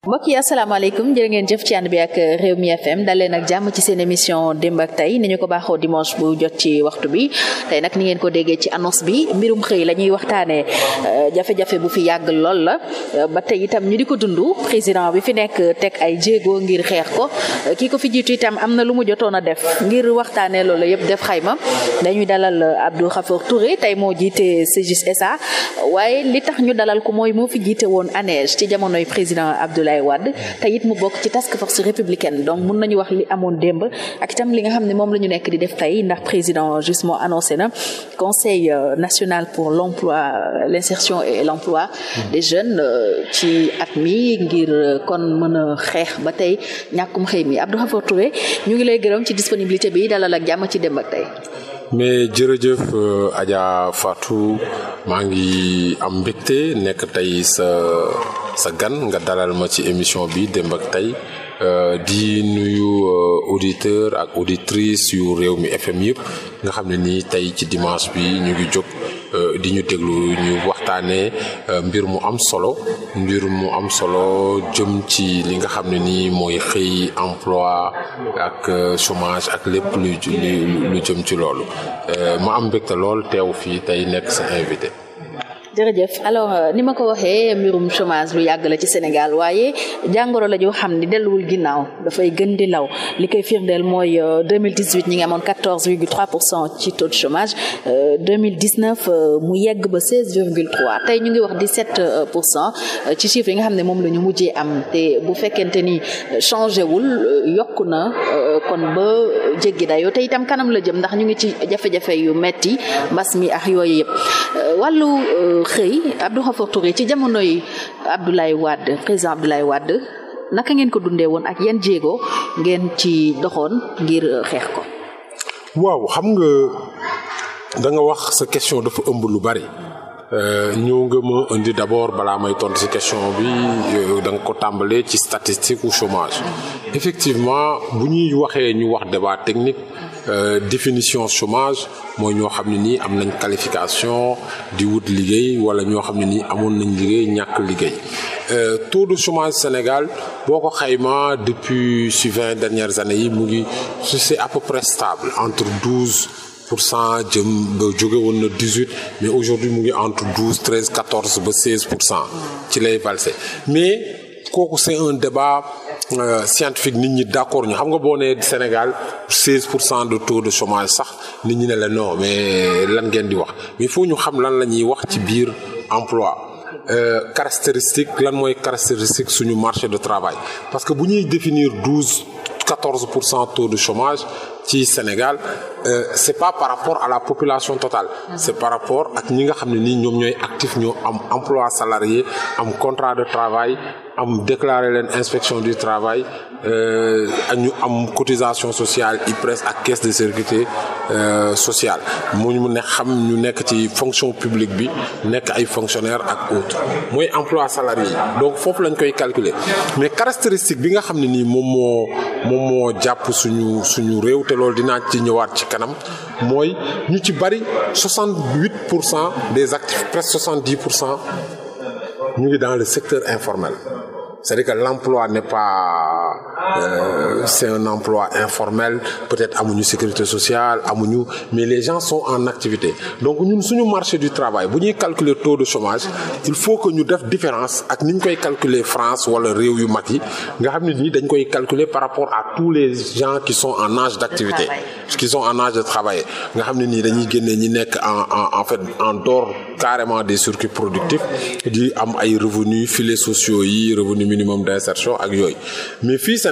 mbokk yi asalaamaaleykum jërë ngeen jëf ci ànd bi ak réew Rewmi FM dal leen ak jàmm ci seen émission démb ak tey ni ñu ko baaxoo dimanche bu jot ci waxtu bi tey nag ni ngeen ko déggee ci annonce bi mbirum xëy la ñuy waxtaanee euh, jafe bu fi yàgg lool la euh, ba tey itam ñu di ko dund président bi fi nekk teg ay jéego ngir xeex ko euh, kii ko fi jiitu itam am na lu mu jotoon a def ngir waxtaanee loolu yëpp def xayma dañuy dalal Abdou Khafour Touré tey moo jiite CGIS SA waaye li tax ñu dalal ko mooy moo fi jiite woon ANEJ ci jamonoy président Abdoulaye Abdoulaye Wade te it mu bokk ci task force républicaine donc mun nañu wax li amoon démb ak itam li nga xam ne moom la ñu nekk di def tey ndax président justement annoncé na conseil euh, national pour l'emploi l'insertion et l'emploi hmm. des jeunes euh, ci at mi ngir euh, kon mën a xeex ba tey ñàkkum xëy mi Abdou Khafor Touré ñu ngi lay gërëm ci disponibilité bi dalal ak jàmm ci démb ak tey mais jërëjëf euh, Adja Fatou maa ngi am mbégte nekk tey sa sa gan nga dalal ma ci émission bi démb ak tey euh, di nuyu euh, auditeur ak auditrice yu réew mi FM yëpp nga xam ne nii tey ci dimanche bi ñu ngi jóg euh, di ñu déglu ñu waxtaanee euh, mbir mu am solo mbir mu am solo jëm ci li nga xam ne nii mooy xëy emploi ak euh, chômage ak lépp lu lu jëm ci loolu ma am mbégte lool teew fii tey nekk sa invité. jërëjëf alors euh, ni ma ko waxee mbirum chômage lu yàgg la ci Sénégal waaye jàngoro la joo xam ne delluwul ginnaaw dafay gën di law li koy firndeel mooy 2018 euh, ñi ngi amoon 14 virgule 3 pour cent ci taux de chômage 2019 euh, mu yegg ba 16 virgule 3 tey ñu ngi wax 17 pour cent ci chiffre yi nga xam ne moom la ñu mujjee am te bu fekkente ni changé wul yokku na kon ba jéggi dayoo tey itam kanam la jëm ndax ñu ngi ci jafe-jafe yu metti mbas mi ak yooyu yëpp wàllu xëy Abdou Khafor Touré ci jamono yi Abdoulaye Wade président Abdoulaye Wade naka ngeen ko dundee woon ak yan jéego ngeen ci doxoon ngir euh, xeex ko. waaw xam nga da nga wax sa question dafa ëmb lu bari. Euh, ñëw nga ma indi d'abord balaa may tontu si question bi euh, da ko tàmbalee ci statistique ou chômage effectivement bu ñuy waxee ñu wax débat technique Euh, définition chômage mooy ñoo xam ne nii am nañ qualification di wut liggéey wala ñoo xam ne nii amoon nañ liggéey ñàkk liggéey euh, tout de chômage Sénégal boo ko xayma depuis si vingt dernières années yi mu ngi su c'est à peu près stable entre douze pour cent jëm ba jóge woon na dix huit mais aujourd'hui mu ngi entre douze treize quatorze ba seize pour cent ci lay valse mais kooku c'est un débat euh, scientifique nit ñi d'accord ñu xam nga boo nee Sénégal 16 pour cent de taux de chômage sax nit ñi ne la non mais lan ngeen di wax mais il faut ñu xam lan la ñuy wax ci biir emploi. Euh, caractéristique lan mooy caractéristique suñu marché de travail parce bu ñuy définir 14 pour cent taux de chômage ci Sénégal euh, c'est pas par rapport à la population totale. Mm-hmm. c'est par rapport ak ñi nga xam ne nii ñoom ñooy actif ñoo am emploi salarié am contrat de travail am déclaré leen inspection du travail euh, ak ñu am cotisation sociale presque ak caisse de sécurité euh, sociale mu ñu ne xam ñu nekk ci fonction publique bi nekk ay fonctionnaires ak autres mooy emploi salarié donc foofu lañ koy calculer mais caractéristique bi nga xam ne nii moom moo. moom moo jàpp suñu suñu réew te loolu dinaa ci ñëwaat ci kanam mooy ñu ci bari 68 pour cent des actifs presque 70 pour cent ñu ngi dans le secteur informel c'est-à-dire l'emploi n'est pas euh, c'est un emploi informel peut-être amuñu sécurité sociale amuñu mais les gens sont en activité donc ñun suñu marché du travail bu ñuy calculer taux de chômage il faut que ñu def différence ak ni ñu koy calculer France wala réew yu mag yi nga xam ne nii dañ koy calculer par rapport à tous les gens qui sont en âge d'activité qui sont en âge de travailler nga xam ne nii dañuy génne ñi nekk en en fait en dehors carrément des circuits productifs di am ay revenus filets sociaux yi revenu minimum d'insertion ak yooyu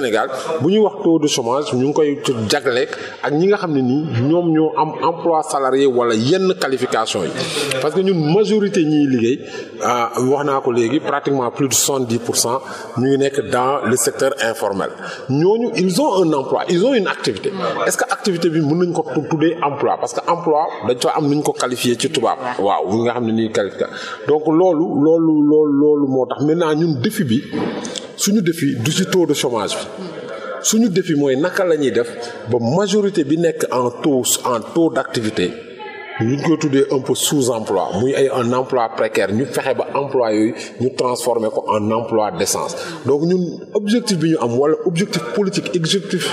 Sénégal bu ñu wax taux de chômage ñu ngi koy jagle ak ñi nga xam ne nii ñoom ñoo am emploi salarié wala yenn qualification yi parce que ñun majorité ñiy liggéey ah, wax naa ko léegi pratiquement plus de soixante pour cent ñu ngi nekk dans le secteur informel ñooñu ils ont un emploi ils ont une activité est-ce que activité bi mun nañ ko tuddee emploi parce que emploi dañ fa am nuñ ko qualifié ci tubaab waaw ñi nga xam ne nii qualifié donc loolu loolu loolu loolu moo tax maintenant ñun suñu défi du ci taux de chomage bi suñu défi mooy naka la ñuy def ba majorité bi nekk en taux en taux d'activité ñu ngi tuddee un peu sous-emploi muy ay un emploi précaire ñu fexe ba emploi yooyu ñu transformer ko en emploi d'essence donc ñun objectif bi ñu am wala objectif politique objectif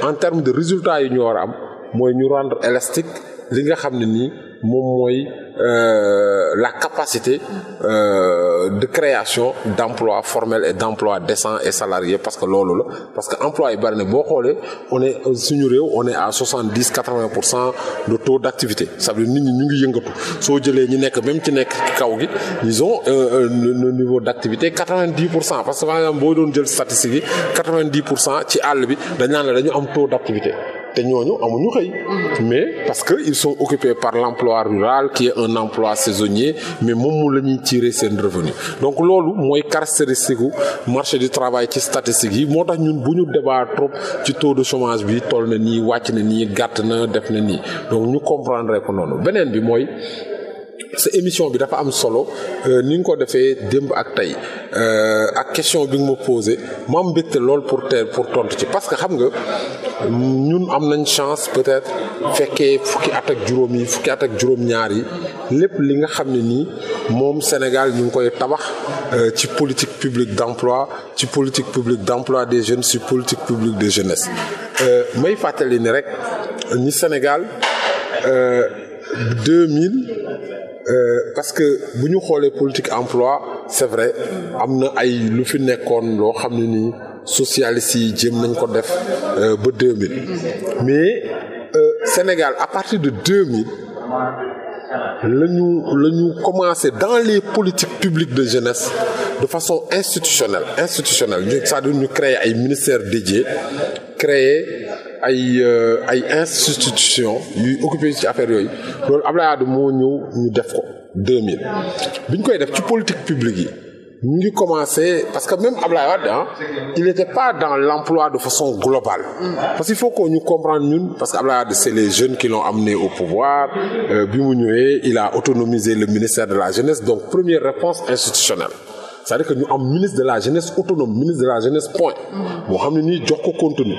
en termes de résultat yi ñu war a am mooy ñu rendre élastique li nga xam ne nii moom mooy euh, la capacité euh, de création d'emplois formels et d'emplois décents et salariés parce que loolu la parce que emploi yi bari na boo xoolee on est suñu réew on est à soixante dix quatre vingt pour cent de taux d'activité ça veut dire nit ñi ñu ngi yëngatu soo jëlee ñi nekk même ci nekk kaw gi ils ont euh, le niveau d'activité quatre vingt dix pour cent parce que par boo doon jël statistiques yi quatre vingt dix pour cent ci àll bi dañ naan la dañu am taux d'activité te ñooñu amuñu xëy. Mm-hmm. mais parce que ils sont occupés par l'emploi rural qui est un emploi saisonnier mais moom mu la ñuy tirer seen revenu donc loolu mooy caractéristique gu marché du travail ci statistiques yi moo tax ñun bu ñu débat trop ci taux de chômage bi toll na nii wàcc na nii gàtt na def na nii donc ñu comprendre ko noonu beneen bi mooy sa émission bi dafa am solo euh, ni nga ko defee démb ak tey euh, ak question bi nga ma posé mu am mbégte lool pour te pour tontu ci parce que xam nga ñun am nañ chance peut-être fekkee fukki at ak juróom yi fukki at ak juróom-ñaar yi lépp li nga xam ne nii moom Sénégal ñu ngi koy tabax euh, ci politique publique d'emploi ci politique publique d'emploi des jeunes ci politique publique de jeunesse may fàttali ni rek ni Sénégal 2000 Euh, parce que bu ñu xoolee politique emploi c'est vrai am na ay lu fi nekkoon loo xam ne nii socialistes yi jéem nañ ko def euh, ba 2000 mais euh, Sénégal à partir de 2000 la ñu la ñu dans les politiques publiques de jeunesse de façon institutionnelle institutionnelle ñu c'est-à-dire ñu créer ay ministères dédiés créer ay euh, ay institutions yuy occupé ci affaire yooyu loolu Abdoulaye Wade moo ñëw ñu def ko 2000 bi ñu koy def ci politique publique yi ñu ngi commencer parce que même Abdoulaye Wade ah il n'était pas dans l'emploi de façon globale parce qu'il faut que ñu comprendre ñun parce que Abdoulaye Wade c'est les jeunes qui l'ont amené au pouvoir euh, bi mu ñëwee il a autonomisé le ministère de la jeunesse donc première réponse institutionnelle cest dire que ñu am ministre de la jeunesse autonome ministre de la jeunesse point boo xam ne nii jox ko contenu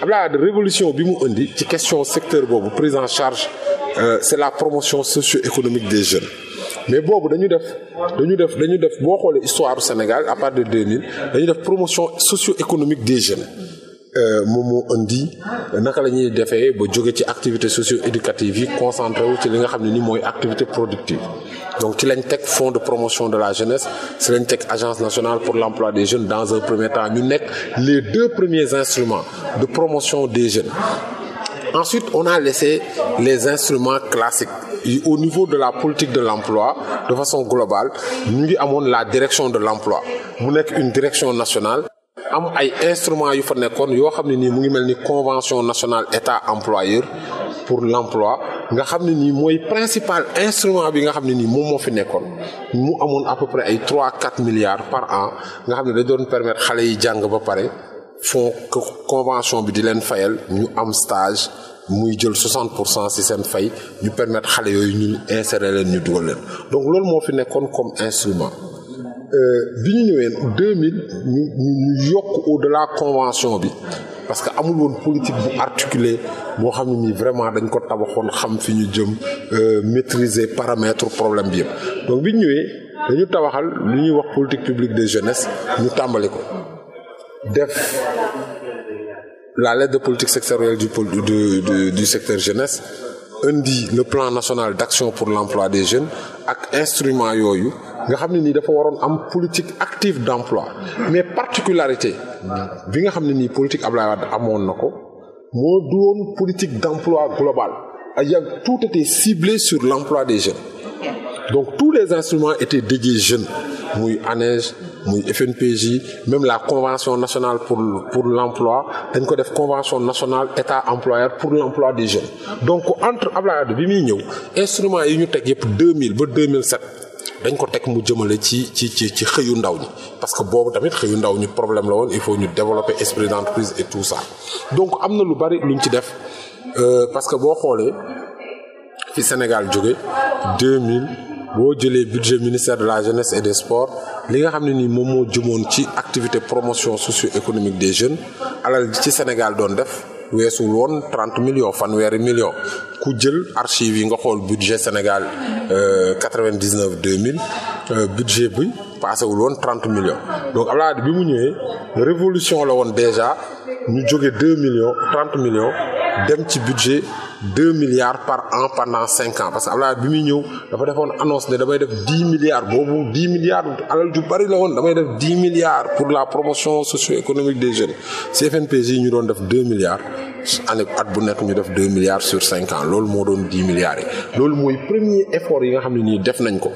Abdoulaye Wade révolution bi mu indi ci question secteur boobu prise en charge euh, c'est la promotion socio-économique des jeunes mais boobu dañu def dañu def dañu def boo xoolee histoire Sénégal à partir de 2000 dañu def promotion socio-économique des jeunes mu euh, mu indi naka la ñuy defee ba jóge ci activité socio-éducative yi concentré wu ci li nga xam ne ni mooy activité productive donc ci lañ teg fonds de promotion de la jeunesse ci lañ teg agence nationale pour l'emploi des jeunes dans un premier temps ñu nekk les deux premiers instruments de promotion des jeunes ensuite on a laissé les instruments classiques Et au niveau de la politique de l'emploi de façon globale ñu ngi amoon la direction de l'emploi mu nekk une direction nationale am ay instruments yu fa nekkoon yoo xam ne nii mu ngi mel ni convention nationale état employeur pour l'emploi nga xam ne nii mooy principal instrument bi nga xam ne nii moom moo fi nekkoon mu amoon à peu ay trois quatre milliards par an nga xam ne dañ doon permettre xale yi jàng ba pare fond convention bi di leen fayal ñu am stage muy jël 60 pour cent ci seen fay ñu permettre xale yooyu ñu insérer leen ñu dugal leen donc loolu moo fi nekkoon comme instrument. Euh, bi ñu ñëwee en 2000 ñu ñu yokk au delà convention bi parce que amul woon politique bu articulée boo xam ne nii vraiment dañ ko tabaxoon xam fi ñu jëm euh, maîtriser paramètre problème bi yëpp donc bi ñu ñëwee dañu tabaxal lu ñuy wax politique publique de jeunesse ñu tàmbali ko def la lettre de politique sectorielle du du du secteur jeunesse. indi le plan national d'action pour l'emploi des jeunes ak instrument yooyu nga xam ne nii dafa waroon am politique active d'emploi mais particularité bi nga xam ne nii politique Abdoulaye Wade amoon na ko moo doon politique d'emploi global ay tout était ciblé sur l'emploi des jeunes donc tous les instruments étaient dédiés jeunes muy ANEJ muy FNPJ même la convention nationale pour pour l'emploi dañ ko def convention nationale état employeur pour l'emploi des jeunes donc entre Abdoulaye Wade bi muy ñëw instruments yi ñu teg yëpp 2000 ba 2007 dañ ko teg mu jëmale ci ci ci ci xëyu ndaw ñi parce que boobu tamit xëyu ndaw ñu problème la woon il faut ñu développer esprit d'entreprise et tout ça donc am na lu bari luñ ci def euh, parce que boo xoolee fi Sénégal jóge 2000 boo jëlee budget ministère de la jeunesse et des sports li nga xam ne nii moom moo jëmoon ci activité promotion socio-économique des jeunes alal ci Sénégal doon def weesul woon trente millions fanweeri millions ku jël archives yi nga xool budget Sénégal euh, quatre-vingt-dix-neuf deux mille euh, budget bi passé wul woon trente millions donc Abdoulaye Wade bi mu ñëwee révolution la woon déjà ñu jóge deux millions trente millions dem ci budget deux milliards par an pendant cinq ans parce que Abdoulaye bi muy ñëw dafa defoon annonce ne damay def dix milliards boobu dix milliards alal ju bari la woon damay def dix milliards pour la promotion socio-économique des jeunes CFNPJ yi ñu doon def deux milliards année at bu nekk ñu def deux milliards sur cinq ans loolu moo doon dix milliards yi loolu mooy premier effort yi nga xam ne nii def nañ ko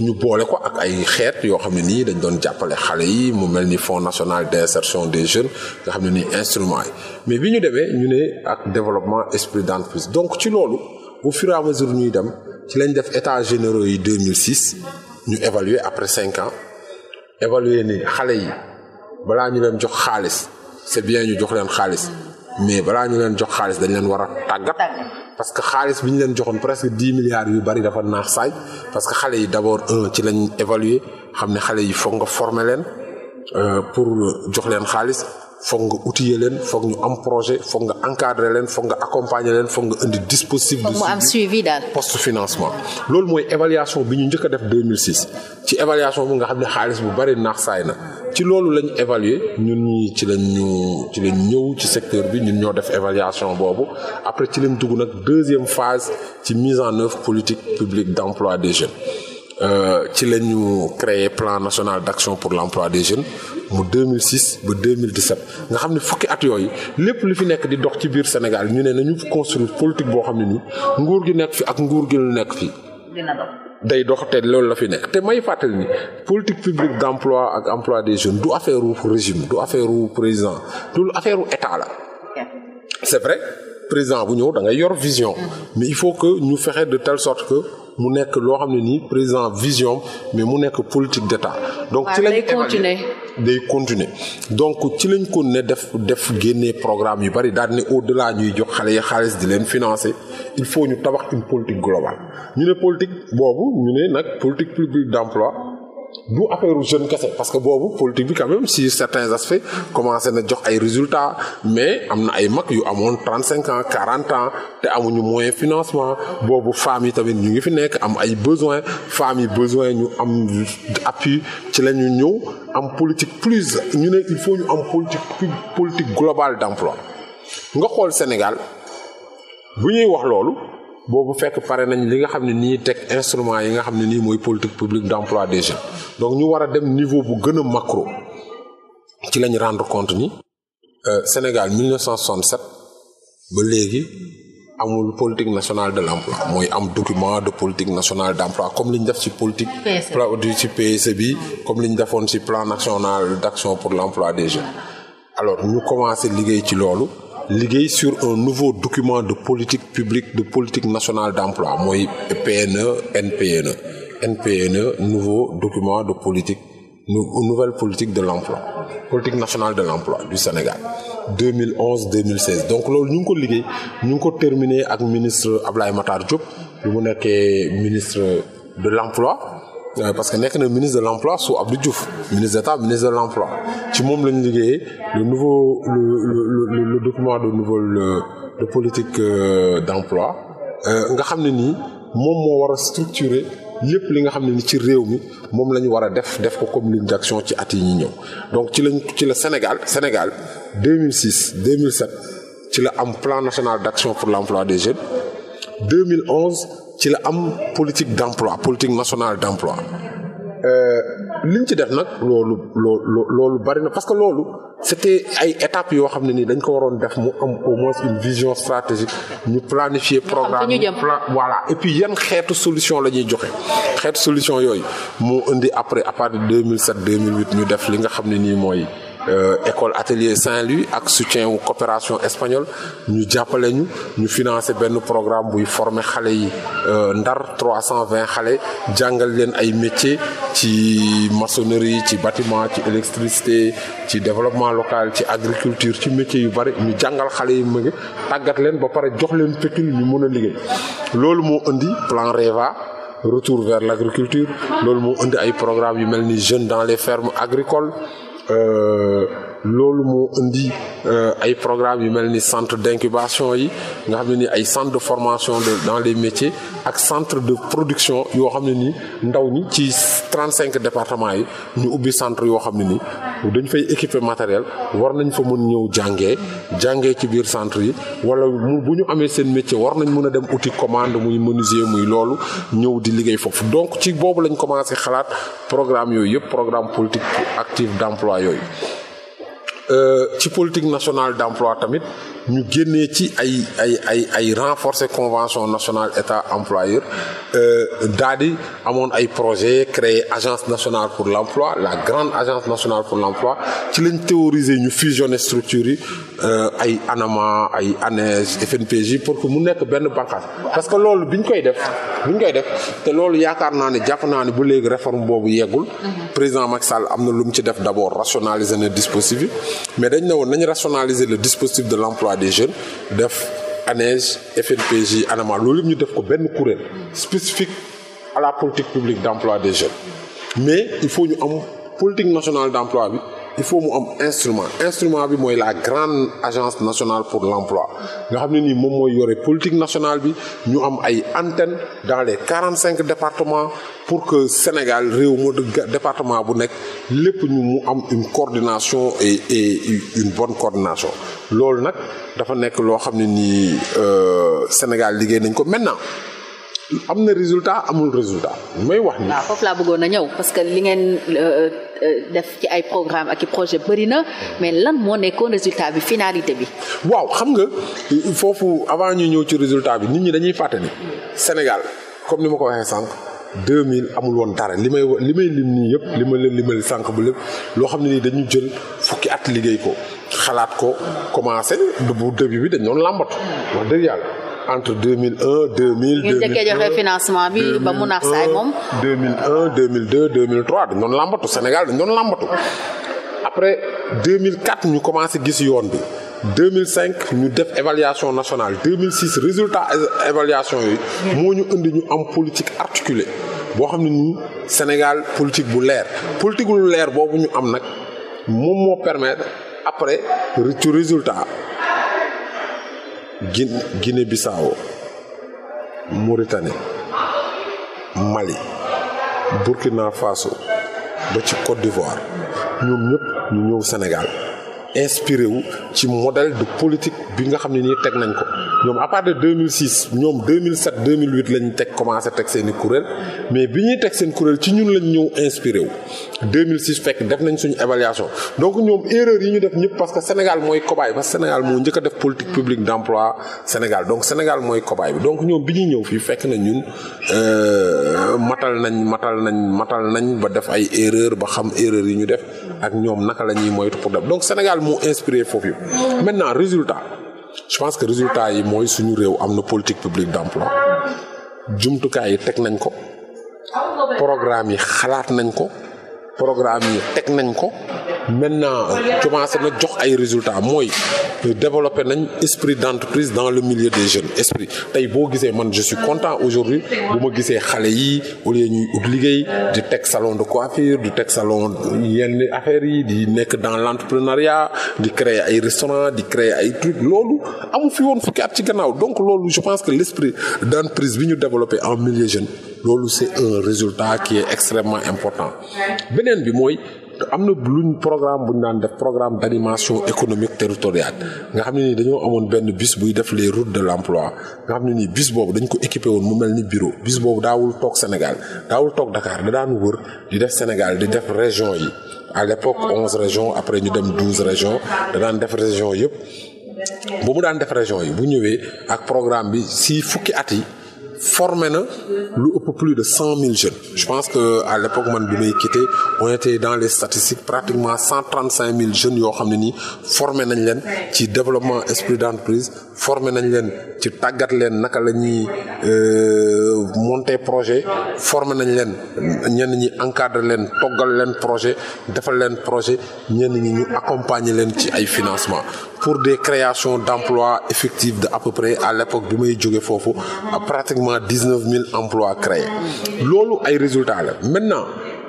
ñu boole ko ak ay xeet yoo xam ne nii dañ doon jàppale xale yi mu mel ni fonds national d'insertion des jeunes nga xam ne nii instruments mais bi ñu demee ñu ne ak développement esprit donc ci loolu au fur mesure ñuy dem ci lañ def état généraux yi 2006 ñu évaluer après cinq ans évaluer ni xale yi balaa ñu leen jox xaalis c'est bien ñu jox leen xaalis mais balaa ñu leen jox xaalis dañ leen war a tàggat parce que xaalis bi ñu leen joxoon presque dix milliards yu bari dafa naax saay parce que xale yi d'abord un ci lañ évaluer xam ne xale yi foog nga former leen euh, pour jox leen xaalis foog nga outiller leen foog ñu am projet foog nga encadrer leen foog nga accompagner leen foog nga indi dispositif. foog mu am suivi daal post financement. loolu mooy évaluation bi ñu njëkk a def 2006 ci évaluation bi nga xam ne xaalis bu bari naax saay na ci loolu lañ évaluer ñun ñi ci lañ ñu ci lañ ñëw ci secteur bi ñun ñoo def évaluation boobu après ci lañ dugg nag deuxième phase ci mise en œuvre politique publique d'emploi des jeunes. Euh, ci la ñu créé plan national d'action pour l'emploi des jeunes mu 2006 ba 2017 nga xam ne fukki at yooyu lépp lu fi nekk di dox ci biir Sénégal ñu ne nañu construire politique boo xam ne nii nguur gi nekk fi ak nguur gi lu nekk fi day dox te loolu la fi nekk te may fàttali ni politique publique d'emploi ak emploi des jeunes du affaire wu régime du affaire wu président du affaire wu état la c'est vrai président bu ñëw da ngay yor vision mm-hmm. mais il faut que ñu fexe de telle sorte que mu nekk loo xam ne nii président vision mais mu nekk politique d'état donc ci lañ continuer continuer donc ci lañ kon ne def def génne programme yu bari daal ne au delà ñuy jox xale yi xaalis di leen financé il faut ñu tabax une politique globale ñu ne politique boobu ñu ne nag politique publique d'emploi du affaire jeune kese parce que boobu politique bi quand même si certains aspects commencé na jox ay résultat mais am na ay mag yu amoon trente cinq ans quarante te amuñu moyen financement boobu femmes yi tamit ñu ngi fi nekk am ay besoins femmes yi besoin ñu am appui ci la ñu ñëw am politique plus ñu ne il faut ñu am politique politique globale d'emploi nga xool Sénégal bu ñuy wax loolu. boobu fekk pare nañ li nga xam ne nii teg instrument yi nga xam ne nii mooy politique publique d'emploi des jeunes donc ñu war a dem niveau bu gën a macro ci lañ rendre compte ni euh, Sénégal 1967 ba léegi amul politique nationale de l'emploi mooy am document de politique nationale d'emploi comme li ñu def ci politique ci PSE e bi comme li ñu defoon ci plan national d'action pour l'emploi des jeunes alors ñu commencé liggéey ci loolu liggéey sur un nouveau document de politique publique de politique nationale d'emploi mooy e PNE NPNE NPNE nouveau document de politique nouvelle politique de l'emploi politique nationale de l'emploi du Sénégal 2011 2016 donc loolu ñu ngi ko liggéey ñu ngi ko terminé ak ministre Ablaye Matar Diop bi mu nekkee ministre de l'emploi Euh, parce que nekk na ministre de l' emploi sous Abdou Diouf ministre d' état ministre de l' emploi ci moom lañ liggéeyee le nouveau le lu le document de nouvelle de politique euh, d' emploi euh, nga xam ne nii moom moo war a structurer lépp li nga xam ne ni ci réew mi moom la ñu war a def def ko comme ligne d'action ci at yi ñi ñëw donc ci lañ ci la Sénégal Sénégal 2006 2007 ci la am plan national d' action pour l' emploi des jeunes 2011 ci la am politique d'emploi politique nationale d'emploi euh, liñ ci def nag loolu loolu loolu bari na parce que loolu c'était ay étapes yoo xam ne nii dañ ko waroon def mu am au moins une vision stratégique ñu planifier programme voilà et puis yan xeetu solution la ñuy joxe xeetu solution yooyu moo indi après à partir de 2007 2008 ñu def li nga xam ne nii mooy Euh, école atelier Saint-Louis ak soutien wu coopération espagnole ñu jàppale ñu financer benn programme buy former xale yi euh, ndar 320 xale jàngal leen ay métiers ci maçonnerie ci batiment ci électricité ci développement local ci agriculture ci métiers yu bari ñu jàngal xale yi mu ngi tàggat leen ba pare jox leen pécule ñu mën a liggéey loolu moo indi plan REVA retour vers l'agriculture loolu moo indi ay programmes yu mel ni jeune dans les fermes agricoles Euh, loolu moo indi euh, ay programme yu mel ni centre d'incubation yi nga xam ne ni ay centre de formation de dans les métiers ak centre de production yoo xam ne ni ndaw ñi ci trente cinq départements yi ñu ubbi centre yoo xam ne nii dañ fay équiper matériel war nañ fa mën ñëw jàngee jànge ci biir centre yi wala bu ñu amee seen métier war nañ mën a dem outil commande muy menuisier muy loolu ñëw di liggéey foofu donc ci boobu lañ commencé xalaat programme yooyu yëpp programme politique active d'emploi yooyu euh, ci politique nationale d'emploi tamit ñu génnee ci ay ay ay ay renforcer convention nationale état employeur euh, daal di amoon ay projet créer agence nationale pour l'emploi la grande agence nationale pour l'emploi ci lañ théoriser ñu fusionner structures yi euh, ay ANAMA ay ANEJ FNPJ pour que mu nekk benn bànqaas parce que loolu biñ koy def biñ koy def te loolu yaakaar naa ne jàpp naa ne bu léegi réforme boobu yeggul mhm. président Macky Sall am na lu mu ci def d'abord rationaliser le dispositif mais dañ ne woon nañ rationaliser le dispositif des jeunes def ANEJ FNPJ ANAMA loolu yëpp ñu def ko benn kuréel spécifique à la politique publique d' emploi des jeunes mais il faut ñu am politique nationale d' emploi bi il faut mu am instrument instrument bi mooy la grande agence nationale pour l'emploi nga xam ne nii moom mooy yore politique nationale bi ñu am ay antenne dans les quarante cinq départements pour que Sénégal réew mu département bu nekk lépp ñu mu am une coordination et et une bonne coordination loolu nag dafa nekk loo xam ne nii euh, Sénégal liggéey nañ ko maintenant am na résultat amul résultat mooy wax ni waaw foofu laa bëggoon a ñëw parce que li ngeen euh, euh, euh, def ci ay programme ak i projet bëri na mais lan moo nekkoon résultat bi finalité bi waaw xam nga foofu avant ñu ñëw ci résultat bi nit ñi dañuy fàtte ni Sénégal comme ni ma ko waxee sànq 2000 amul woon dara li may li may lim nii yëpp li ma leen limal sànq bu lépp loo xam ne nii dañu jël fukki at liggéey ko xalaat ko commencé bu début bi dañ doon làmbatu wax dëgg yàlla entre 2001 2000. 2002 ñu njëkkee joxe financement bi ba mu naax saay moom. 2001 2002 2003 dañu doon làmbatu Sénégal dañu doon làmbatu après 2004 ñu commencé gis yoon bi 2005 ñu def évaluation nationale 2006 résultat évaluation yi. moo ñu indi ñu am politique articulée boo xam ne nii Sénégal politique bu leer. politique lu leer boobu ñu am nag moom moo permettre après ci résultat. Guinée Bissau Mauritanie Mali Burkina Faso ba ci Côte d'Ivoire ñoom ñëpp ñu ñëw Sénégal inspiré wu ci modèle de politique bi nga xam ne nii teg nañ ko ñoom à part de 2006 ñoom 2007 2008 lañ teg commencé teg seeni kuréel mais bi ñuy teg seen kuréel ci ñun lañ ñëw inspiré wu. 2006 fekk def nañ suñu évaluation donc ñoom erreur yi ñu def ñëpp parce que Sénégal mooy cobaye parce que Sénégal moo njëkk a def politique publique d'emploi Sénégal donc Sénégal mooy cobaye bi donc ñoom bi ñuy ñëw fii fekk na ñun euh, matal nañ matal nañ matal nañ ba def ay erreur ba xam erreur yi ñu def ak ñoom naka la ñuy moytu pour def Sénégal moo inspiré foofu yëpp maintenant résultat je pense que résultat yi mooy suñu réew am na politique publique d'emploi jumtukaay yi teg nañ ko programme yi xalaat nañ ko programme yi teg nañ ko maintenant euh, commencé na jox ay résultats mooy développé nañ esprit d'entreprise dans le milieu des jeunes esprit tey boo gisee man je suis content aujourd'hui bu ma gisee xale yi au lieu ñuy ut liggéey di teg salon de coiffure di teg salon yenn affaires yi di nekk dans l'entrepreneuriat di créer ay restaurants di créer ay trucs loolu amu fi woon fukki at ci gannaaw donc loolu je pense que l'esprit d'entreprise bi ñu développé en milieu jeune loolu c'est un résultat qui est important beneen bi mooy am na luñ programme bu ñu naan def programme d' animation économique territoriale nga xam ne nii dañoo amoon benn bis buy def les routes de l' emploi nga xam ne nii bis boobu dañ ko équipé woon mu mel ni bureau bis boobu daawul toog senegal daawul toog Dakar da daan wër di def Sénégal di def région yi à l' époque onze région après ñu dem douze régions da daan def région yëpp bu mu daan def région yi bu ñëwee ak programme bi si fukki at yi. formé na lu ëpp plus de cent mille jeunes je pense que à l'époque man bi may quitté on était dans les statistiques pratiquement cent trente mille jeunes yoo xam ne nii formé nañ leen ci développement esprit d'entreprise formé nañ leen ci tàggat leen naka la ñuy euh, monter projet formé nañ leen ñenn ñi encadre leen toggal leen projet defal leen projet ñenn ñi ñu accompagner leen ci ay financement pour des créations d'emplois effectifs de à peu près à l'époque bi may jóge foofu pratiquement dix-neuf mille emplois créés loolu ay résultats la maintenant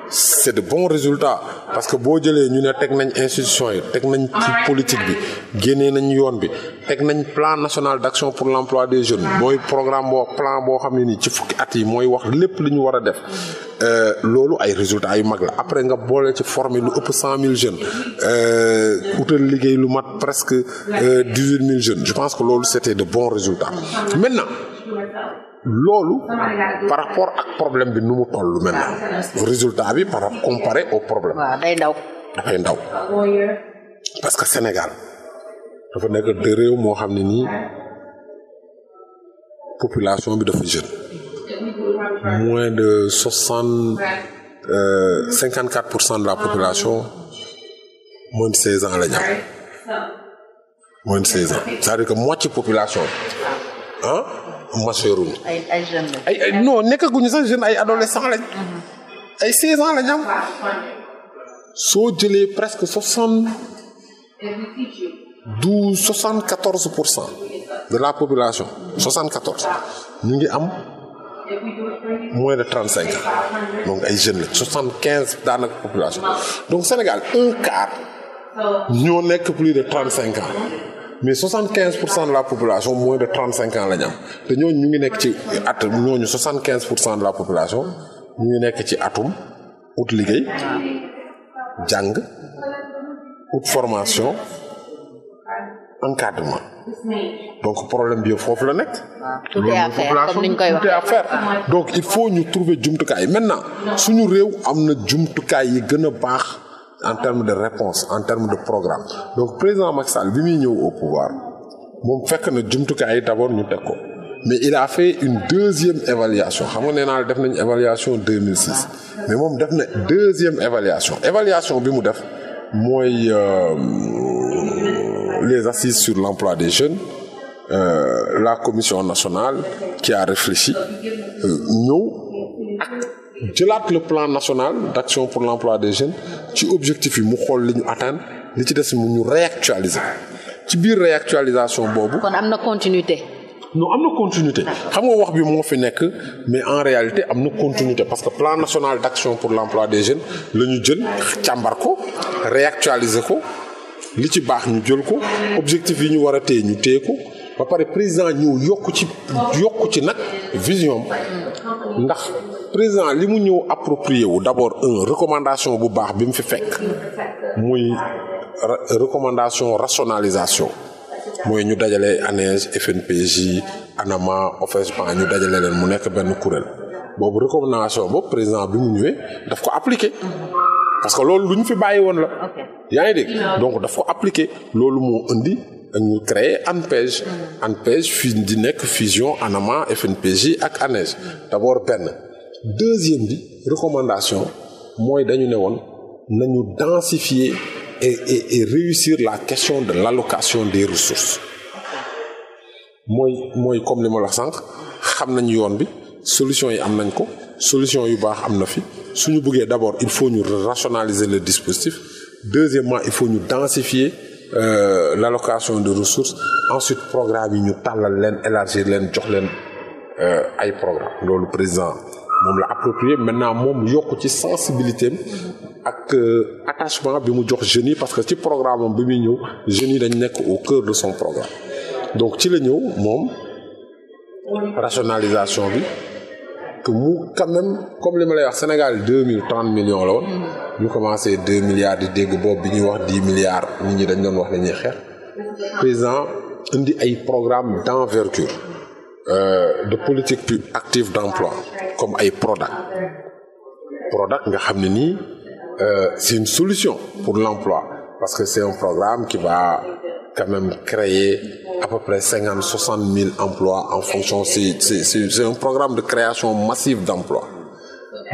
c'est de bon résultats parce que boo jëlee ñu ne teg nañ institution yi teg nañ ci bi génne nañ yoon bi teg nañ plan national d'action pour l'emploi des jeunes mooy programme boo plan xam ne nii ci fukki at yi mooy wax lépp lu ñu war a def euh, loolu ay résultats yu mag la après nga boole ci former lu ëpp cent mille jeunes euh, utal liggéey lu mat presque euh, dix-huit mille jeunes je pense que loolu c'était de bons résultats maintenant loolu par rapport ak problème bi nu mu toll maintenant résultat bi par comparé au problème. waaw day ndaw. dafay ndaw parce que Sénégal dafa nekk de réew moo xam ne nii population bi dafa jeune moins de soixante euh, cinquante quatre pour cent de la population moins de seize ans la ñu am moins de seize ans cest dire que moitié population ah. maseeru ñu. ay ay jeunes lañ. ay ay non nekkaguñu sax jeune ay adolescents lañ. Mm-hmm. ay 16 ans lañ soo jëlee presque soixante douze soixante quatorze pour cent de la population. Mm-hmm. soixante quatorze ñu ngi am. moins de trente cinq donc ay jeunes la soixante quinze daanaka population donc Sénégal un quart ñoo nekk plus de trente cinq ans mm-hmm. mais 75 pour cent de la population moins de 35 ans la ñu te ñooñu ñu ngi nekk ci at ñooñu 75 pour cent de la population mu ngi nekk ci atum ut liggéey jàng ut formation encadrement donc problème bi foofu la nekk. loolu population tout donc il faut ñu trouver jumtukaay maintenant suñu réew am na jumtukaay yi gën a baax. en terme de réponse en terme de programme donc président Macky Sall bi muy ñëw au pouvoir moom fekk na jumtukaay yi d'abord ñu teg ko mais il a fait une deuxième évaluation xam nga nee naa def nañ évaluation 2006 mais moom def na deuxième évaluation évaluation bi mu def mooy euh, les assises sur l'emploi des jeunes euh, la commission nationale qui a réfléchi euh, ñëw jëlaat le plan national d'action pour l'emploi des jeunes ci objectif yi mu xool li ñu atteindre li ci des mu ñu réactualiser ci biir réactualisation boobu. kon am na continuité. non am na continuité xam nga wax bi moo fi nekk mais en réalité am na continuité parce que plan national d'action pour l'emploi des jeunes la ñu jël càmbar ko réactualiser ko li ci baax ñu jël ko objectif yi ñu war a téye ñu téye ko. ba pare président ñëw yokku ci yokku ci nag vision ndax président li mu ñëw approprié wu d'abord un recommandation bu baax bi mu fi fekk muy recommandation rationalisation mooy ñu dajale ANEJ FNPJ ANAMA OFEJBAN ñu dajale leen mu nekk benn kuréel boobu recommandation boobu président bi mu ñëwee daf ko appliqué parce que loolu lu ñu fi bàyyi woon la yaa ngi mm-hmm. donc daf ko appliqué loolu moo indi ñu créé ANPEJ mm. ANPEJ fi di nekk fusion ANAMA FNPJ ak ANEJ d'abord benn deuxième bi recommandation mooy dañu ne woon nañu densifier et, et, réussir la question de l'allocation des ressources mooy mooy comme li ma la wax sànq xam nañu yoon bi solution yi am nañ ko solution yu baax am na fi suñu bëggee d'abord il faut ñu rationaliser le dispositif deuxièmement il faut ñu densifier Euh, l'allocation de ressources ensuite programme yi ñu tàllal leen élargir leen jox leen euh, ay programme loolu président moom la approprié maintenant moom yokku ci sensibilité ak euh, attachement bi mu jox jeunes parce que ci programme am bi muy ñëw jeunes yi dañ nekk au cœur de son programme donc ci la ñëw moom rationalisation bi que mu quand même comme li ma lay wax Sénégal deux mille trente millions la woon. Mm-hmm. ñu commencé deux milliards di dégg boobu bi ñuy wax dix milliards nit ñi dañ doon wax dañuy xeex. président indi ay programme d'envergure euh, de politique publique active d'emploi comme ay Prodac Prodac nga xam ne nii euh, c'est une solution pour l'emploi parce que c'est un programme qui va quand même créé à peu près cinquante soixante mille emplois en fonction c'est un programme de création massive d'emplois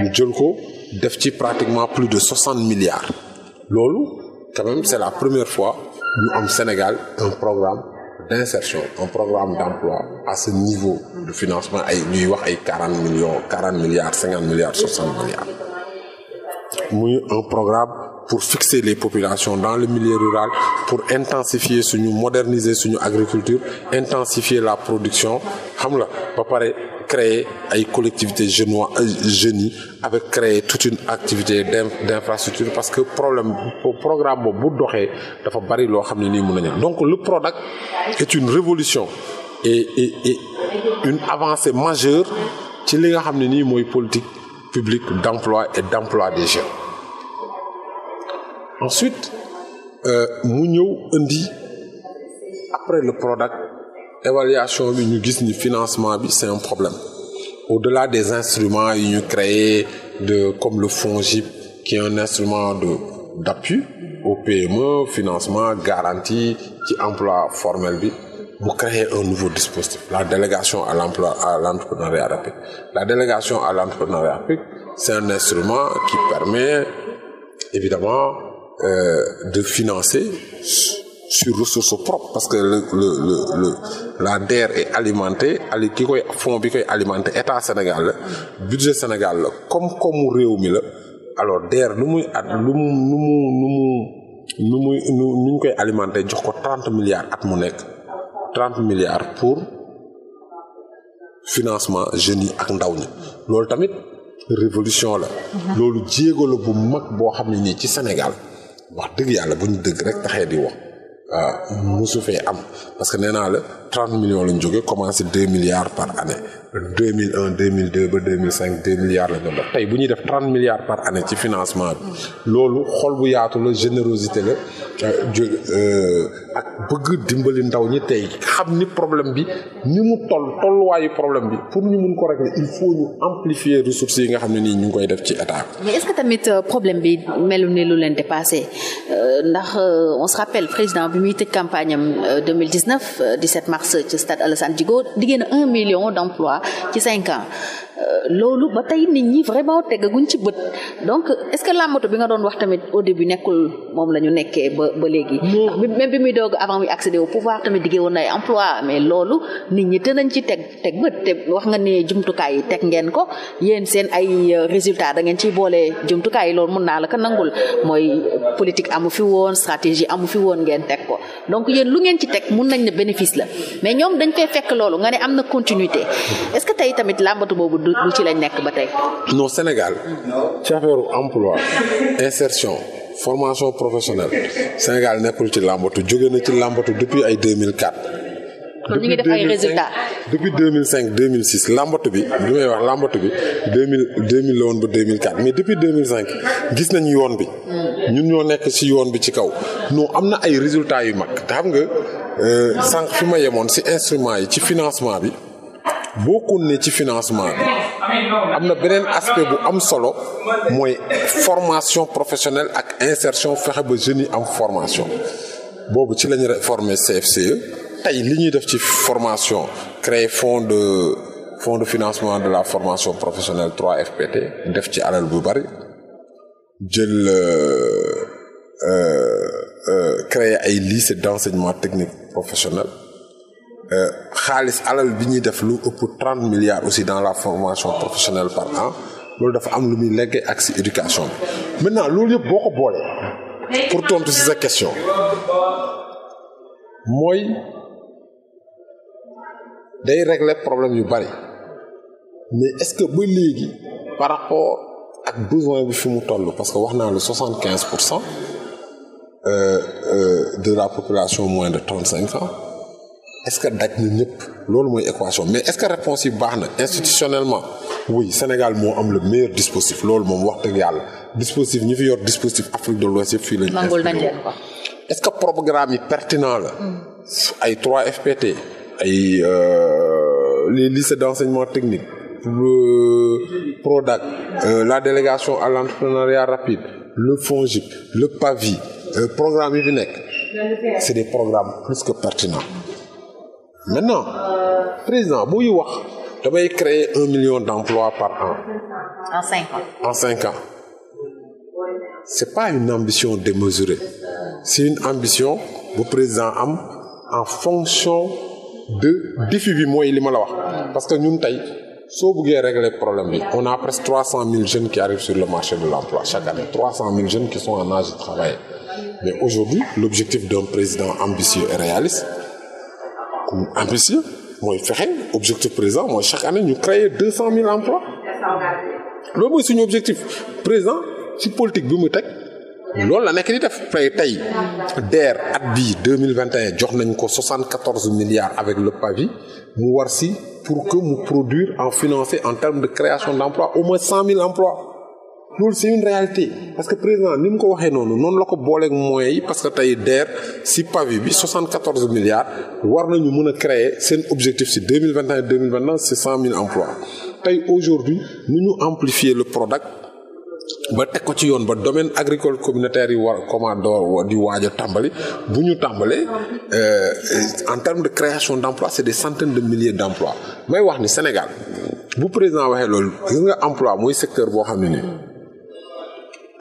ñu jël ko def ci pratiquement plus de soixante milliards loolu quand même c'est la première fois ñu am Sénégal un programme d'insertion un programme d'emploi à ce niveau de financement ay ñuy wax ay quarante millions quarante milliards cinquante milliards soixante un programme pour fixer les populations dans le milieu rural pour intensifier suñu moderniser suñu agriculture intensifier la production xam la ba pare créer ay collectivités jeunes jeunes yi avec créer toute une activité d'infrastructure parce que problème programme boobu bu doxee dafa bari loo xam ne nii mën nañu donc le PRODAC est une révolution et et et une avancée majeure ci li nga xam ne nii mooy politique publique d'emploi et d'emploi des jeunes ensuite euh, mu ñëw indi après le Prodac évaluation bi ñu gis ni financement bi c'est un problème au-delà des instruments yi ñu créé de comme le FONGIP qui est un instrument de d'appui au PME financement garantie ci emploi formel bi mu créer un nouveau dispositif la délégation à l'emploi à l'entrepreneuriat la délégation à l'entrepreneuriat c'est un instrument qui permet évidemment euh, de financer sur ressources propres parce que le le le, le la DER est alimentée bi koy alimenté état Sénégal la budget Sénégal la comme comme mu réew mi la alors DER lu muy at lu mu nu mu nu mu nu muy nu ñu koy alimenté jox ko trente milliards at mu nekk trente milliards pour financement jeunes yi ak ndaw ñi loolu tamit révolution la mhm. loolu jéego la bu mag boo xam ne nii ci Sénégal wax dëgg yàlla bu ñu dëgg rek taxee di wax waaw musu fee am parce que nee la trente millions lañ jógee commencé deux milliards par année deux mille un deux mille deux ba deux mille cinq deux milliards la doon def bu ñuy def trente milliards par année ci financement bi loolu xol bu yaatu la générosité la euh, euh, ak bëgg dimbali ndaw ñi tey xam ni problème bi ni mu toll tolluwaayu problème bi pour ñu mun ko régler il faut ñu amplifier ressources yi nga xam ne nii ñu ngi koy def ci état mais est-ce que tamit euh, problème bi melu ni lu leen dépassé ndax on se rappelle président bi muy tëj campagne am 2019 17 mars ci stade Alassane Djigo diggéen a un million d'emplois ci cinq ans Euh, loolu ba tey nit ñi vraiment tegaguñ ci bët donc est-ce que làmbatu bi nga doon wax tamit au début nekkul moom la ñu nekkee ba ba léegi. même bi muy doog avant muy accéder au pouvoir tamit diggé woon ay emploi mais loolu nit ñi te ci teg teg bët te wax nga ne jumtukaay yi teg ngeen ko yéen seen ay euh, résultats da ngeen ciy boole jumtukaay yi loolu mun naa la ko nangul mooy politique amu fi woon stratégie amu fi woon ngeen teg ko donc yéen lu ngeen ci teg mun nañ ne bénéfice la mais ñoom dañ fay fekk loolu nga ne am na continuité est-ce que tey tamit làmbatu boobu du ci lañ nekk ba tey. non Sénégal ci affaire emploi insertion formation professionnelle Sénégal nekkul ci làmbatu jóge na ci làmbatu depuis ay 2004. kon ñu ngi def ay résultats depuis 2005 2006 làmbatu bi li may wax làmbatu bi 2000 2000 la woon ba 2004 mais depuis 2005 gis nañu yoon bi. ñun ñoo nekk ci yoon bi ci kaw. non am na ay résultats yu mag te xam nga euh, sànq fi ma yemoon ci instruments yi ci financement bi boo ko ne ci financement bi. am na beneen aspect bu am solo mooy formation professionnelle ak insertion fexe ba jeunes yi am formation boobu ci la ñu réformer CFCE tey li ñuy def ci formation créer fonds de fonds de financement de la formation professionnelle trois fpt def ci alal bu bari jël euh, euh, euh, créer ay lycée d'enseignement technique professionnel Euh, xaalis alal bi ñuy def lu ëpp trente milliards aussi dans la formation professionnelle par an loolu dafa am lu muy leggee ak si éducation bi maintenant loolu yëpp boo ko boolee pour tontu si sa question mooy day régler problème yu bari mais est-ce que ba léegi par rapport ak besoin bi fi mu toll parce que wax naa lu soixante quinze pour cent euh, euh, de la population moins de trente cinq ans est-ce que daj na ñëpp loolu mooy équation mais est-ce que réponse yi baax na institutionnellement oui Sénégal moo am le meilleur dispositif loolu moom wax dëgg yàlla dispositif ñi fi yor dispositif Afrique de l'Ouest yëpp fii lañ est-ce que programme yi pertinent la hmm. ay 3 FPT ay euh, les lycées d'enseignement technique le PRODAC euh, la délégation à l'entrepreneuriat rapide le FONGIP le PAVI euh, programme yi fi nekk c'est des programmes plus que pertinents maintenant président buy wax damay créer un million d'emplois par an. en cinq ans en cinq ans. c'est pas une ambition démesurée c'est une ambition bu président am en fonction de défi bi mooy li ma la wax parce que ñun tey soo bëggee régler problème bi on a presque trois cent mille jeunes qui arrivent sur le marché de l'emploi chaque année trois cent mille jeunes qui sont en âge de travailler mais aujourd'hui l'objectif d'un président ambitieux et réaliste ambitieux mooy fexe objectif président mooy chaque année ñu créer deux cent mille emplois loolu mooy suñu objectif président ci politique bi mu teg loolu la nekk di def tey tey DER at bii deux mille vingt et un jox nañ ko soixante quatorze milliards avec le PAVI mu war si pour que mu produire en financer en termes de création d' au moins cent loolu c'est réalité parce que président ni mu ko waxee noonu noonu la ko booleeg moyens yi parce que tey DER si pavi bi 74 milliards war nañu mën a créer seen objectif si 2021 2022 c'est 100 000 emplois tey aujourd'hui nu ñu amplifier le Prodac ba teg ko ci yoon ba domaine agricole communautaire yi war commandeur di waaj tàmbali bu ñu tàmbalee euh, en termes de création d'emplois c'est des centaines de milliers d'emplois may wax ni Sénégal bu président waxee loolu gis nga emploi mooy secteur boo xam ne nii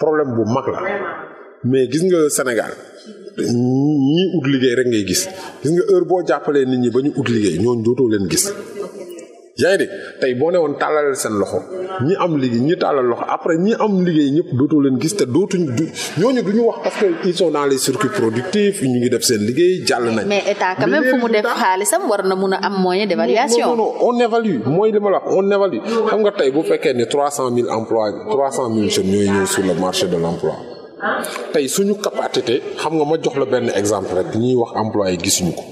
problème bu mag la mais gis nga senegal ñii ut liggéey rek ngay gis gis nga heure boo jàppalee nit ñi ba ñu ut liggéey ñooñu dootoo leen gis yaa ngi dégg tey boo ne woon tàllaleel seen loxo ñi am liggéey ñi tàllal loxo après ñi am liggéey ñëpp dootu leen gis te dootuñ ñooñu du ñu wax parce que ils sont dans les circuits productifs ñu ngi def seen liggéey jàll nañ. mais état quand même fu mu def xaalisam na wax on évalue xam nga tey bu fekkee ne trois cent mille emplois trois cent mille jeunes marché de l'emploi tey suñu capacité xam nga ma jox la benn exemple rek ñuy wax emploi yi gisuñu ko.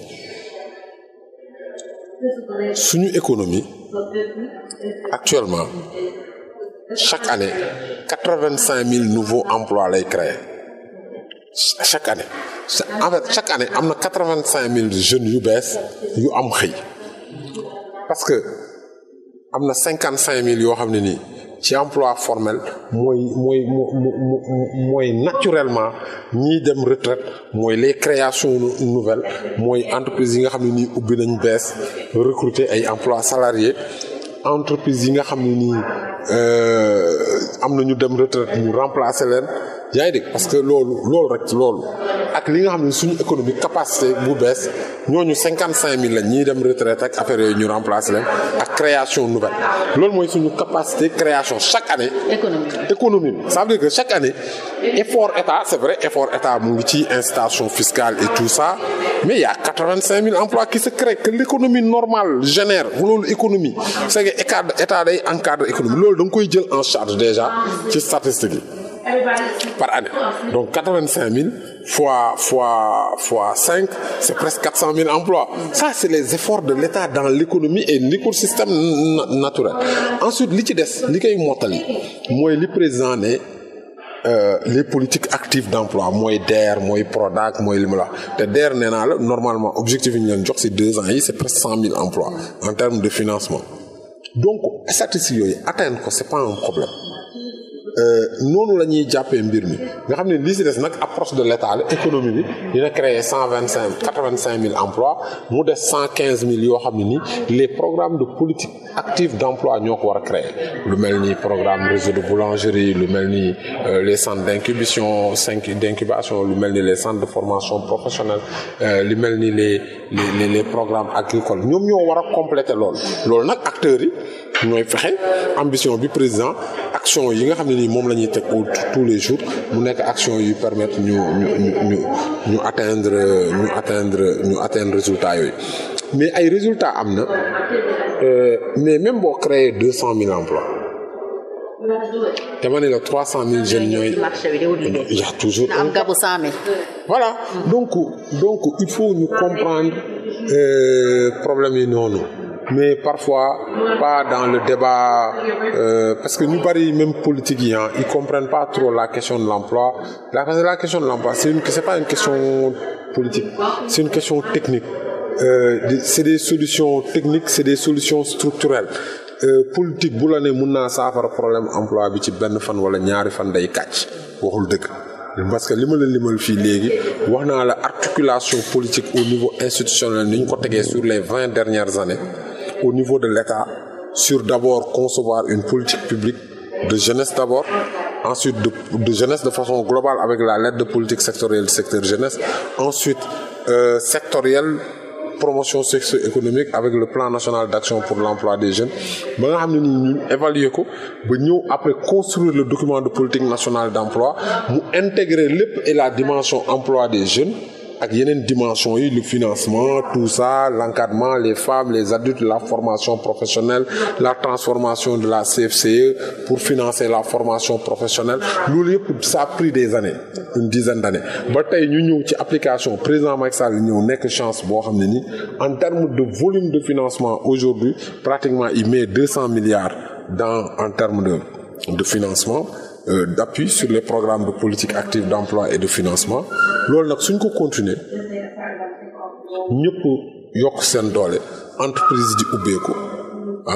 suñu économie actuellement chaque année quatre vingt cinq mille nouveaux emplois lay créer chaque année en fait chaque année am na quatre vingt cinq mille jeunes yu bees yu am xëy parce que am na cinquante cinq mille yoo xam ne nii ci emploi formel mooy mooy mooy naturellement ñiy dem retraite mooy les créations nouvelle mooy entreprise yi nga xam ne nii ubbi nañ bees recruter ay emploi salarié entreprise yi nga xam ne nii euh, am na ñu dem retraite ñu remplacer leen yaa ngi dégg parce que loolu loolu rek ci loolu ak li nga xam ne suñu économie capacité bu bees ñooñu cinquante cinq mille lañ ñuy dem retraite ak affaire yooyu ñu remplacer leen ak création nouvelle loolu mooy suñu capacité création chaque année. économie économie chaque année effort état c' est état mu ci incitation fiscale et tout mais y' a quatre mille emplois qui se créent que l' économie normale génère loolu économie c' est état day encadre économie loolu da koy jël en charge déjà ci statistique yi. par année donc quatre vingt cinq mille fois fois fois cinq c'est presque quatre cent mille emplois ça c'est les efforts de l'État dans l'économie et l'écosystème naturel ensuite li ci des li koy mottali mooy li président ne Euh, les politiques actives d'emploi mooy DER mooy Prodac mooy li ma la te DER nee naa la normalement objectif yi ñu leen jox ci deux ans yi c'est presque cent mille emplois en termes de financement donc statistiques yooyu atteindre ko c'est pas un problème Euh, noonu la ñuy jàppee mbir mi nga xam ne lii si des nag approche de l'état la économie bi dina créer cent vingt cinq quatre vingt cinq mille emplois mu des cent quinze mille yoo xam ne nii les programmes de politique active d'emploi ñoo ko war a créer lu mel ni programme réseau de boulangerie lu mel ni euh, les centres d'incubation cinq d'incubation lu mel ni les centres de formation professionnelle euh, lu mel ni les les les programme agricoles ñoom ñoo war a compléter loolu loolu nag acteurs yi mooy fexe ambition bi président action yi nga xam ne nii moom la ñuy teg tous les jours mu nekk action yu permettre ñu ñu ñu ñu atteindre ñu atteindre ñu atteindre résultat yooyu mais ay résultat am na euh, mais même boo créé deux cent mille emplois dama ne la cent mille jeunes ñooy toujours voilà donc donc il faut ñu comprendre euh, problème yi noonu mais parfois pas dans le débat euh, parce que ñu bari même politique yi ah ils comprennent pas trop la question de l'emploi la, la question de l'emploi c'est une c'est pas une question politique c'est une question technique euh, c'est des solutions techniques c'est des solutions structurelles euh, politique bu la ne mën na saafara problème emploi bi ci benn fan wala ñaari fan day kàcc waxul dëgg parce que li ma la limal fii léegi wax naa la articulation politique au niveau institutionnel ni ñu ko tegee sur les vingt dernières années au niveau de l'État sur d'abord concevoir une politique publique de jeunesse d'abord, ensuite de, de, jeunesse de façon globale avec la lettre de politique sectorielle secteur jeunesse, ensuite euh, sectorielle promotion socio-économique avec le plan national d'action pour l'emploi des jeunes ba nga xam ne nii ñun évaluer ko ba ñëw après construire le document de politique nationale d'emploi mu intégrer lépp et la dimension emploi des jeunes ak yeneen dimension yi le financement tout ça l'encadrement les femmes les adultes la formation professionnelle la transformation de la CFCE pour financer la formation professionnelle loolu yëpp ça a pris des années une dizaine d'années ba tey ñu ñëw ci application président Macky Sall ñëw nekk chance boo xam ne ni en termes de volume de financement aujourd'hui pratiquement il met deux cent milliards dans en termes de de financement euh, d'appui sur les programmes de politique active d'emploi et de financement loolu nag suñ ko continuer ñëpp yokk seen doole entreprise di ubbeeku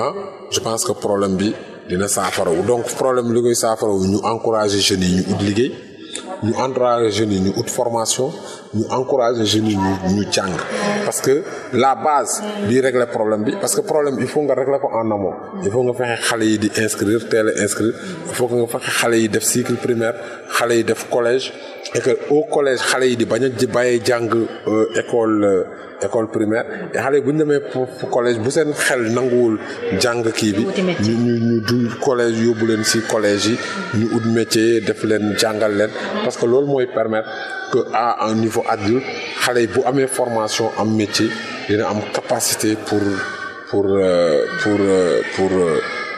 ah je pense que problème bi dina saafarawu donc problème li koy saafarawu ñu encourager jeunes yi ñu ut liggéey ñu encouragé jeunes yi ñu ut formation ñu encouragé jeunes yi ñu jàng parce que la base di régler problème bi parce que problème il faut nga régler ko en amont il faut nga fexe xale yi di inscrire teel a inscrire il faut que nga fexe xale yi def cycle primaire xale yi def collège et que collège xale yi di bañ a di bàyyi jàng euh, école euh, école primaire xale yi bu ñu demee collège bu seen xel nanguwul jàng kii bi ñu ñu du collège yóbbu leen si collège yi ñu ut métier def leen jàngal leen parce que loolu mooy permettre que à un niveau adulte xale yi bu amee formation am métier dina am capacité pour pour euh, pour pour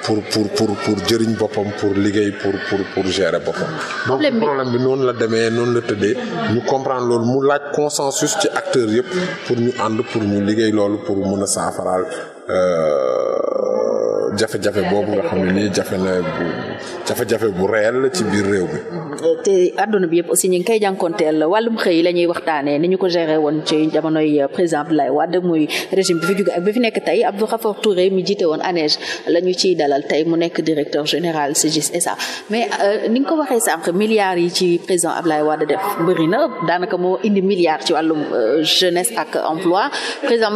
pour pour pour pour jëriñ boppam pour liggéey pour pour pour gérer boppam. donc problème bi noonu la demee noonu la tëddee ñu comprendre loolu mu laaj consensus ci acteurs yëpp pour ñu ànd pour ñu liggéey loolu pour mën a saafaraal. Euh, jafe-jafe boobu nga xam ne nii jafe la bu jafe-jafe bu réel ci biir réew mi. te àdduna bi yëpp aussi ñu ngi koy jànkonteel wàllum xëy la ñuy waxtaanee ni ñu ko géré woon ci jamonoy euh, président Abdoulaye Wade muy régime bi fi jóge ak bi fi nekk tey Abdou Khafor Touré mi jiite woon ANEJ la ñu ciy dalal tey mu nekk directeur général CGIS SA mais euh, ni nga ko waxee sànq milliards yi ci président Abdoulaye Wade def bëri na daanaka moo indi milliards ci wàllum jeunesse ak emploi président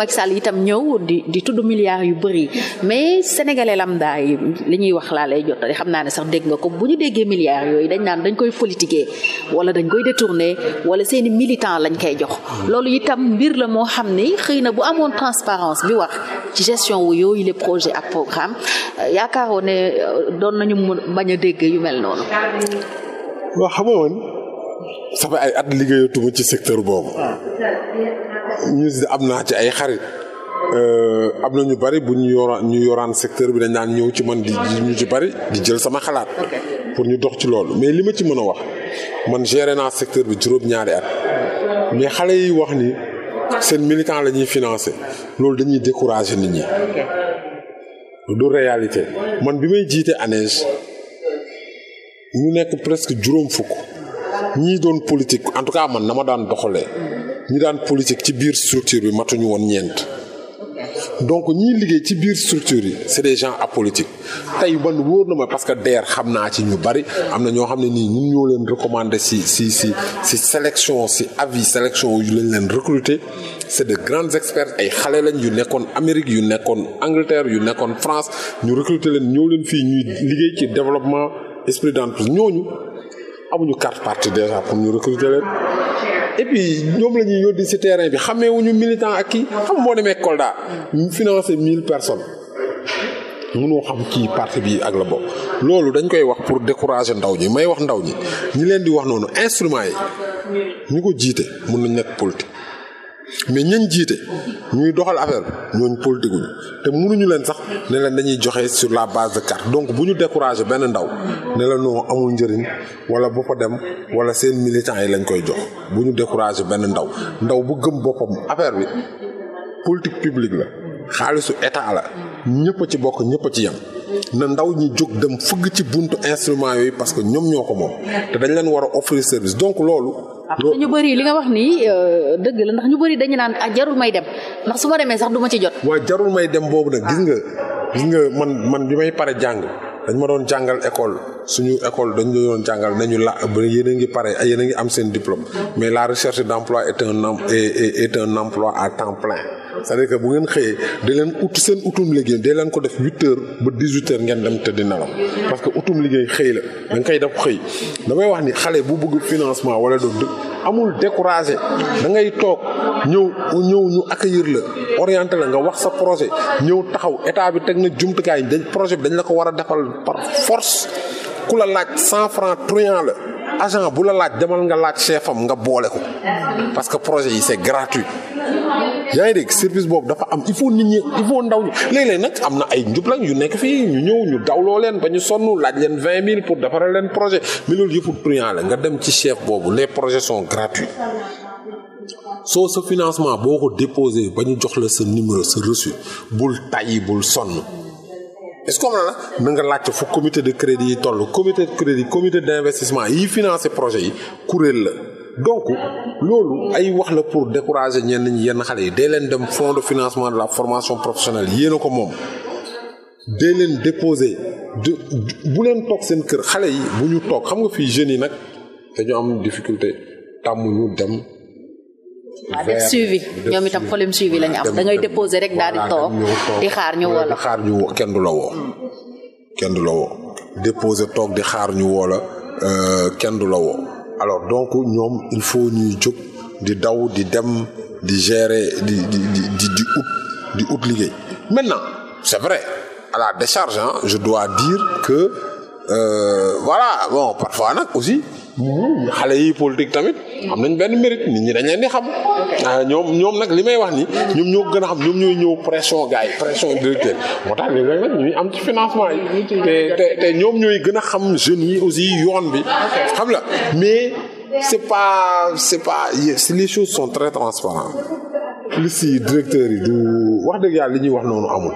milliards yu bëri mais sénégalais lambda yi li ñuy wax laa lay jottali xam naa ne sax dégg nga ko bu ñu déggee milliards yooyu dañ naan dañ koy politiquer wala dañ koy détourner wala seeni militan lañ koy jox loolu itam mbir la moo xam ni xëy na bu amoon transparence bi wax ci gestion wu yooyu les projet ak programme euh, yaakaaroon ne euh, doon nañu bañ a dégg yu mel noonu waaw xamoo woon ay at liggéeyatuma ci secteur boobu ñu am naa ci ay xarit Euh, am na ñu bari bu ñu yoraan ñu yoraan secteur bi dañ naan ñëw ci man di ñu ci bari di jël sama xalaat. pour ñu dox ci loolu mais li ma ci mën a wax man géré naa secteur bi juróom-ñaari at mais xale yi wax ni seen militant la ñuy financé loolu dañuy décourager nit ñi. du réalité man bi may jiite ANEJ ñu nekk presque juróom fukk ñii doon politique en tout cas man na ma daan doxalee ñi daan politique ci biir structure bi matuñu woon ñeent. donc ñiy liggéey ci biir structure yi c'est des gens apolitiques tey man wóor na ma parce que DER xam naa ci ñu bari am na ñoo xam ne nii ñun ñoo leen recommander si si si si sélection si avis sélection yu lañ leen recruter c'est de grandes experts ay xale lañ yu nekkoon Amérique yu nekkoon Angleterre yu nekkoon France ñu recruter leen ñoo leen fii ñuy liggéey ci développement esprit d'entreprise ñooñu amuñu carte parti déjà pour ñu recruter leen et puis ñoom la ñuy yóddi si terrain bi xamee wuñu militant ak kii xam moo demee Kolda mu financé mille personnes mënoo xam kii parti bi ak la bokk loolu dañ koy wax pour décourager ndaw ñi may wax ndaw ñi ñi leen di wax noonu instrument yi ñu ko jiite mun nañ nekk politique mais ñañ jiite ñuy doxal affaire bi ñooñu politique wuñu te mënuñu leen sax ne leen dañuy joxe sur la base de carte donc bu ñu découragé benn ndaw ne la amul njëriñ wala bu dem wala seen militants yi lañ koy jox bu ñu découragé benn ndaw ndaw bu gëm boppam affaire bi politique publique la xaalisu état la ñëpp ci bokk ñëpp a ci yem. na ndaw ñi jóg dem fëgg ci buntu instrument yooyu parce que ñoom ñoo ko moom. te dañ leen war a offrir service donc loolu. loo ah, ñu bëri li nga wax nii euh, dëgg la ndax ñu bëri dañu naan ah jarul may dem ndax su ma demee sax du ci jot. waaw jarul may dem boobu nag gis nga gis nga man man bi may pare jàng. dañ ma doon jàngal école suñu école dañ doon jàngal nañu la yéen a ngi pare yéen ngi am seen diplôme mais la recherche d'emploi est un est est un à temps cest dire que bu ngeen xëyee da leen ut seen utum liggéey da leen ko def huit heures ba dix huit heures ngeen dem tëdd nelaw parce que utum liggéey xëy la da nga koy def xëy damay wax ni xale bu bëgg financement wala doon amul découragé da ngay toog ñëw ñëw ñu accueillir la oriente la nga wax sa projet ñëw taxaw état bi teg na jumtukaay dañ projet bi la ko war a defal par force ku la laaj cent franc truand la agent bu la laaj demal nga laaj chef am nga boole ko parce que projet yi c'est gratuit yaa ngi dégg service boobu dafa am il faut nit ñi il faut ndaw ñi léeg-léeg nag am na ay njublaŋ yu nekk fii ñu ñëw ñu dawloo leen ba ñu sonn laaj leen vingt mille pour defaral leen projet mais loolu yëpp truand la nga dem ci chef boobu les projet sont gratuits. soo sa financement boo ko déposé ba ñu jox la sa numéro sa reçu bul tàyyi bul sonn est-ce na na nga laajte fu comité de crédit yi toll comité de crédit comité d'investissement yi financé projet yi kuréel la. donc loolu ay wax la pour décourager ñenn yenn xale yi de leen dem fonds de financement de la formation professionnelle yéen ko moom day leen déposer de bu leen toog seen kër xale yi bu ñu toog xam nga fii jeunes yi nag dañu am difficulté tàmmuñu ñu am da ngay déposer rek daal di toog di xaar ñu woo xaar ñu woo kenn du la woo kenn du la toog di xaar ñu woo euh, kenn du la woo. alors donc ñoom il faut ñuy jóg di daw di dem di gérer di di di di di ut di maintenant c'est vrai à la décharge je dois dire que euh, voilà bon parfois nag aussi Hmm, xale yi politique tamit am nañ benn mérite nit ñi dañ leen di xam ah, ñoom ñoom nag li may wax ni ñoom ñoo gën a xam ñoom ñooy ñëw pression gars yi pression directeur moo tax léeg-léeg nag ñuy am ci financement yi te te te ñoom ñooy gën a xam jeunes yi aussi yoon bi xam la mais c'est pas c'est pas les choses sont très transparentes liste yi directeur yi du wax dëgg yàlla li ñuy wax noonu amul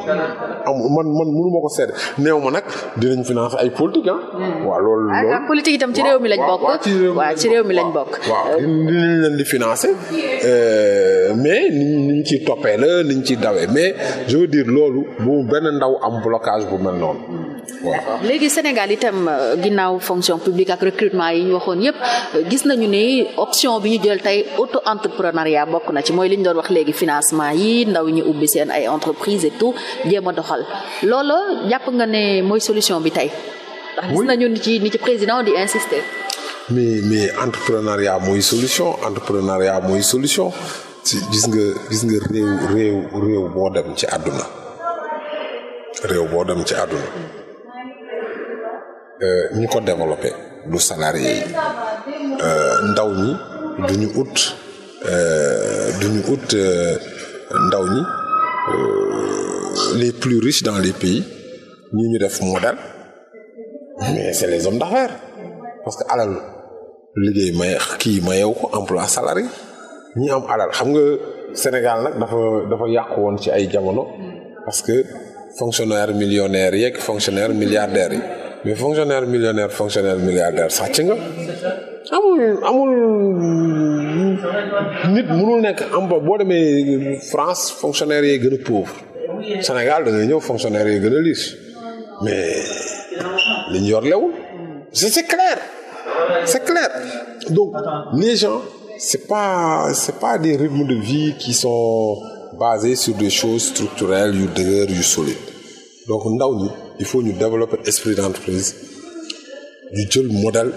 amul man man mënu ma ko seet néew ma nag dinañ financé ay politique ah. Hmm. waaw loolu ah, loolu ah, politique itam ci réew mi leen di financer euh, mais ni ñu ciy toppee la ni ñu ciy dawee mais je veux dire loolu bu benn ndaw am blocage bu mel noonu. Hmm. d'accord léegi Sénégal itam euh, ginnaaw fonction publique ak recrutement yi ñu waxoon yépp euh, gis nañu ni option bi ñu jël tey auto entrepreneuriat bokk na ci mooy li ñu doon wax léegi financement yi ndaw ñu ubbi seen ay entreprise et tout jéem a doxal loolu jàpp nga ne mooy solution bi tey. ndax gis nañu ni ci ni ci président di insister. mais solution entrepreneuriat mooy solution. gis nga gis nga réew réew réew boo dem ci àdduna réew boo dem ci àdduna Euh, ñu ko développé du salarié yi euh, ndaw ñi du ñu ut euh, du ñu ut ndaw ñi les plus riches dans les pays ñu ñu def modèle mais c'est les hommes d'affaires parce que alal liggéey may kii mayew ko emploi salarié ñi am alal xam nga Sénégal nag dafa dafa yàqu woon ci ay jamono parce que fonctionnaire millionnaire yeeg fonctionnaire milliardaire yi mais fonctionnaire millionnaire fonctionnaire milliardaire sàcc nga amul amul nit mënul nekk am ba demee France fonctionnaire yee gën a pauvre Sénégal da ngay ñëw fonctionnaire yee gën a liis mais li ñu yor lewul c'est clair c'est clair donc les gens c'est pas c'est pas des rythmes de vie qui sont basés sur des choses structurelles yu dëgër yu solides donc ndaw ñi il faut ñu développer esprit d'entreprise ñu jël modèle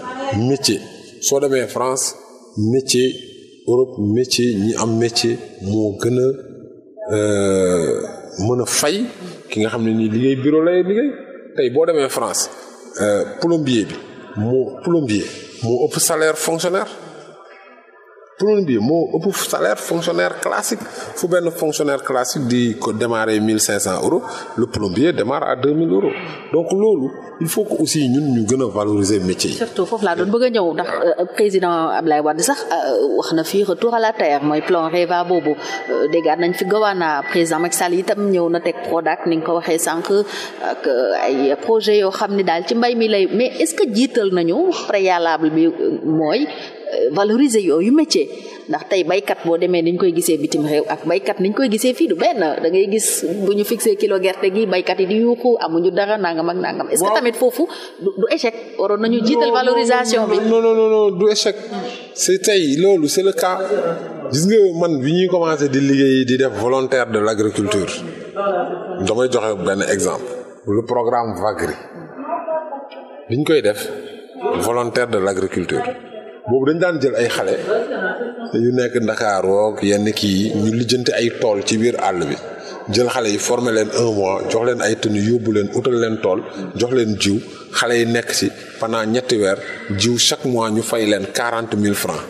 métier soo demee France métier Europe métier ñi am métier moo gën a euh, mën a fay ki nga xam ne nii liggéey bureau lay liggéey tey boo demee France euh, plombier bi moo plombier moo ëpp salaire fonctionnaire prône bi moo ëpp salaire fonctionnaire classique fu benn fonctionnaire classique di ko démarrer cent euros le plombier démarre à deux mille euros donc loolu il faut que aussi ñun ñu gën a valoriser métier surtout foofu laa doon bëgg a ñëw ndax euh, président Ablaye Wade sax euh, wax na fi retour à la terre mooy plan REVA boobu euh, déggaat nañ fi Gawana président Macky Sall itam ñëw na teg Prodac ni nga ko waxee sànq ay projet yoo xam ni daal ci mbay mi lay mais est-ce que jiital nañu préalable mooy. valoriser yu métier ndax tey baykat boo demee niñ koy gisee bitim réew ak baykat niñ koy gisee fii du benn da ngay gis bu ñu fixee kilo gerte gi baykat yi di yuuxu amuñu dara nangam ak nangam. est-ce que tamit foofu du échec. waroon nañu jiital valorisation bi non non non du échec. c'est tey loolu c'est le cas. gis nga man bi ñuy commencé di liggéey di def volontaire de l'agriculture damay joxe benn exemple. le programme Vagri. bi koy def volontaire de l'agriculture. boobu dañ daan jël ay xale yu nekk ndakaaroog yenn kii ñu lijjanti ay tool ci biir àll bi jël xale yi forme leen un mois jox leen ay tenue yóbbu leen utal leen tool jox leen jiw xale yi nekk ci pendant ñetti weer jiw chaque mois ñu fay leen quarante mille francs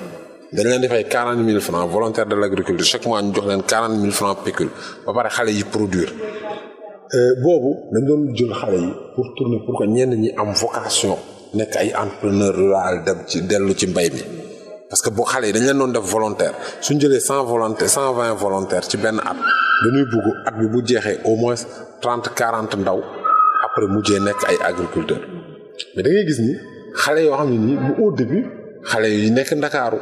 dañ leen di fay quarante mille francs volontaire de l'agriculture chaque mois ñu jox leen quarante mille francs pécule ba pare xale yi produire euh, boobu dañ doon jël xale yi pour tourner pour que ñenn ñi am vocation nekk ay entrepreneur rural dem ci dellu ci mbay mi parce que boo xale yi dañ leen doon def volontaire suñ jëlee cent volontaire cent vingt volontaire ci benn at dañuy bugg at bi bu jeexee au moins trente quarante ndaw après mu mujjee nekk ay agriculteur mais da gis ni xale yoo xam ne nii bu au début xale yi nekk ndakaaru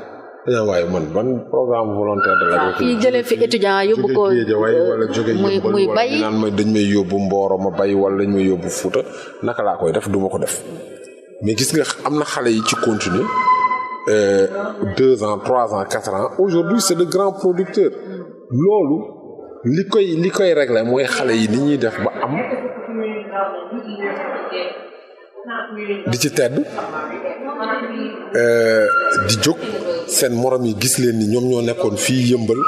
dañaa waaye man ban programme volontaire de ah, l'agriculture fii jëlee fi étudiant yóbbu ko euh, wala jóge muy bay naan ma dañ may yóbbu Mboro ma bay wala dañ may yóbbu Fuuta naka laa koy def duma ko def mais gis nga am na xale yi ci continuer euh, deux ans trois ans quatre ans aujourd'hui c'est de grands producteurs loolu li koy li koy régler mooy xale yi ni ñuy def ba am di ci tedd euh, di jóg seen morom yi gis leen ni ñoom ñoo nekkoon fii yëmbal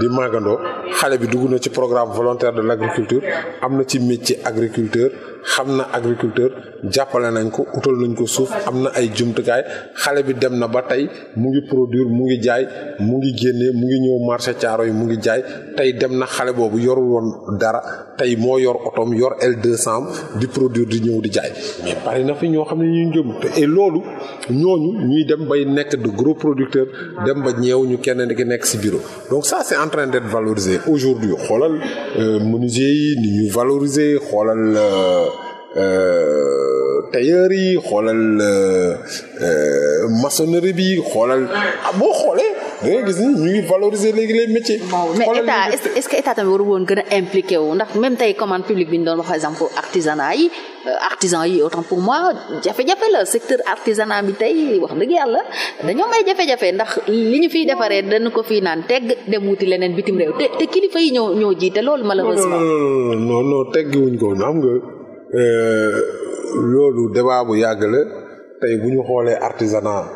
di màggandoo xale bi dugg na ci programme volontaire de l'agriculture am na ci métier agriculteur xam na agriculteur jàppale nañ ko utal nañ ko suuf am na ay jumtukaay xale bi dem na ba tey mu ngi produire mu ngi jaay mu ngi génne mu ngi ñëw marché caaro yi mu ngi jaay tey dem na xale boobu yorul woon dara tey moo yor otoom yor L200 di produit di ñëw di jaay mais bari na fi ñoo xam ne ñuy jëm te et loolu ñooñu ñuy dem bay nekk de gros producteurs dem ba ñeew ñu kenn ki nekk ci bureau donc ça c'est en train d'être valorisé aujourd'hui xoolal euh, menuisier yi ni ñu valoriser xoolal euh, euh, tailleur yi xoolal maçonnerie bi xoolal ah, boo xoolee da ngay gis ni ñu ngi valoriser léegi les métiers. mais état est ce que état tamit waru woon gën a impliqué wu ndax même tey commande publique bi ñu wax par exemple yi euh, artisan yi autant pour moi jafe-jafe la secteur artisanat bi tey wax dëgg yàlla dañoo may jafe-jafe ndax li ñu fiy defaree dañu ko fi naan tegg dem wuti leneen bitim réew te te kilifa yi ñoo ñoo jiite loolu malheureusement. non non non teggiwuñ ko xam nga euh, loolu débat bu yàgg la tey bu ñu xoolee artisanat.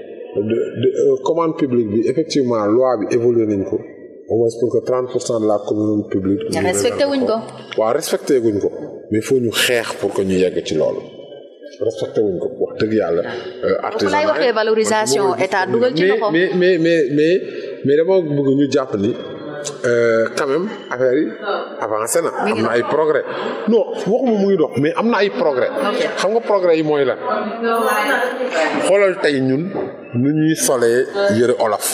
de de euh, commande publique bi effectivement loi bi évolué nañ ko au moins pour que de la commune publique. respecté wuñ ko waaw respecté guñ ko mais faut ñu xeex pour que ñu yegg ci loolu. respecté wuñ ko wax dëgg yàlla. Ah. Euh, artisanat lay état dugal ci loxo mais mais mais mais dama bëgg ñu jàpp ni Euh, quand même affaire yi avancé na am na ay progrès non waxuma mu ngi dox mais am na ay progrès xam nga progrès yi mooy lan xoolal tey ñun nu ñuy solee yëre olof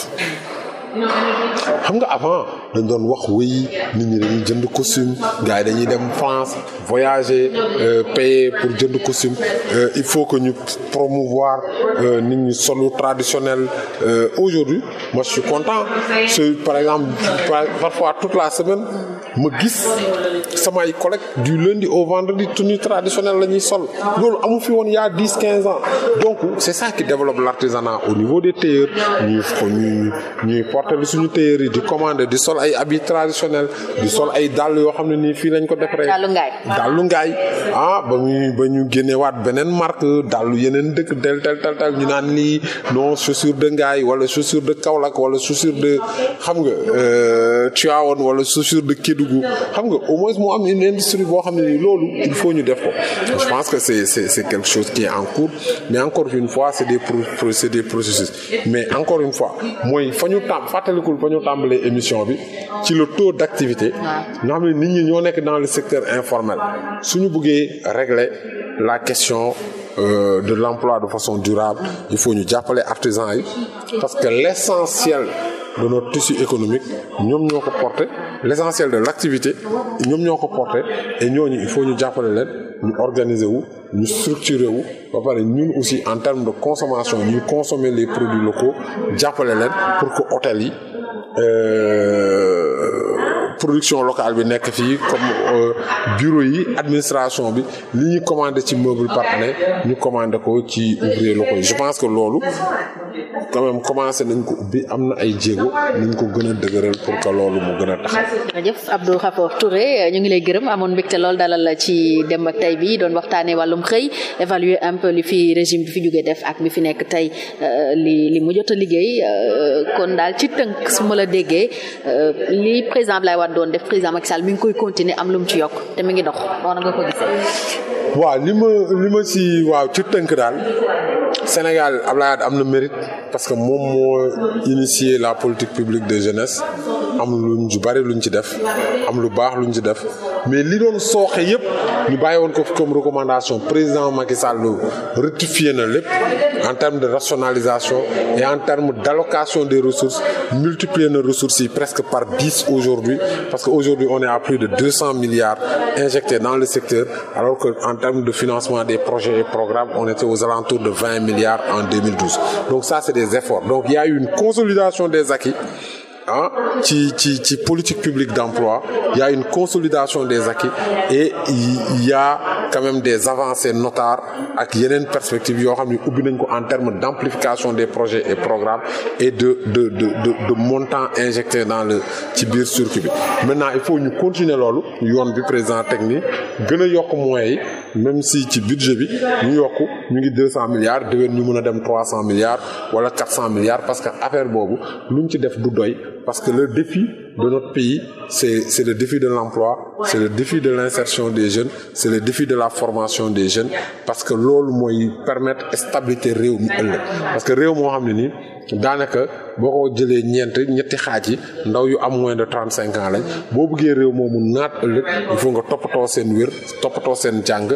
xam nga avant dañ doon wax wéy nit ñi dañuy jënd costume gars dañuy dem France voyager euh, payer pour jënd costume euh, il faut que ñu promouvoir euh, nit ñi solu traditionnel aujourd'hui moi je suis content je par exemple parfois toute la semaine ma gis samay collègues du lundi au vendredi tenue traditionnelle la ñuy sol loolu amu fi woon y a quinze ans donc c'est ça qui développe l'artisanat au niveau des tailleurs ñuy ñuy portable suñu tailleur yi di commandé di sol ay habits traditionnels di sol ay dàll yoo xam ne nii fii lañ ko defaree. dàllu ngaay dàllu ngaay ah ba ñu ba ñu génneewaat beneen marque dàllu yeneen dëkk tel tel tel tel ñu naan lii non chaussure de ngaay wala chaussure de Kaolack wala chaussure de xam nga euh, Tivaouane wala chaussure de Kédougou xam nga au moins moo am une industrie boo xam ne nii loolu il faut ñu def ko je pense que c'est c'est quelque chose qui en cours mais encore une fois c'est des des processus fàttalikul ba ñu tàmbalee émission bi ci le taux d' activité. ñoo xam ne nit ñi ñoo nekk dans le secteur informel suñu buggee régler la question. Euh, de l'emploi de façon durable il faut ñu jàppale artisans yi parce que l'essentiel de notre tissu économique ñoom ñoo ko porté l'essentiel de l'activité ñoom ñoo ko porté et ñooñu il faut ñu jàppale leen ñu organiser wu ñu structurer wu ba pare ñun aussi en terme de consommation ñu consommer les produit locaux jàppale leen pour que hôtel yi. Euh, production locale bi nekk fii comme euh, bureau yi administration bi li ñuy commandé ci meuble par ñu commandé ko ci ouvrier locaux yi je pense que loolu quand même commencé nañ ko ubbi am na ay jéego nañ ko gën a dëgëral pour que loolu mu gën a tax. jërëjëf Abdou Rapport Touré ñu ngi lay gërëm amoon mbégte lool dalal ci Demb ak Tay bi doon waxtaanee wàllum xëy évaluer un peu li fi régime bi fi jógee def ak bi fi nekk tey euh, li li mu jot a liggéey euh, kon daal ci tënk su Wade doon def président Macky Sall mi ngi koy continuer am lu mu ci yokk te mi ngi dox noonu nga waaw li ma li ma si waaw ci tënk daal Sénégal Abdoulaye Wade am na mérite parce que moom moo initié la politique publique de jeunesse. am luñ ju bari luñ ci def am lu baax luñ ci def mais li doon sooxe yëpp ñu bàyyi woon ko comme recommandation président Macky Sall rectifié na lépp en termes de rationalisation et en termes d'allocation des ressources multiplier nos ressources yi presque par dix aujourd'hui parce que aujourd'hui on est à plus de deux cents milliards injectés dans le secteur alors que en termes de financement des projets et programmes on était aux alentours de vingt milliards en 2012 donc ça c'est des efforts ah ci ci ci politique publique d'emploi il y a une consolidation des acquis et il y a quand même des avancées notar ak yeneen perspectives yoo xam ne ubbi nañ ko en termes d'amplification des projets et programmes et de de de de de montants injectés dans le ci biir circuit bi maintenant il faut ñu continuer loolu yoon bi président technique gën a yokk moyens yi si ci budget bi ñu yokk ñu ngi deux cent milliards déwén ñu mën a dem trois cent milliards wala quatre cent milliards parce que affaire boobu luñ ci def du parce que le défi de notre pays, c'est le défi de l'emploi, c'est le défi de l'insertion des jeunes, c'est le défi de la formation des jeunes, parce que loolu mooy permettre stabilité réew mi ëllëg parce que réew moo xam ne nii daanaka boo ko jëlee ñeent ñetti xaaj yi ndaw yu am moins de trente cinq ans lañ boo bëggee réew moomu naat ëllëg il faut nga toppatoo seen wér toppatoo seen jàng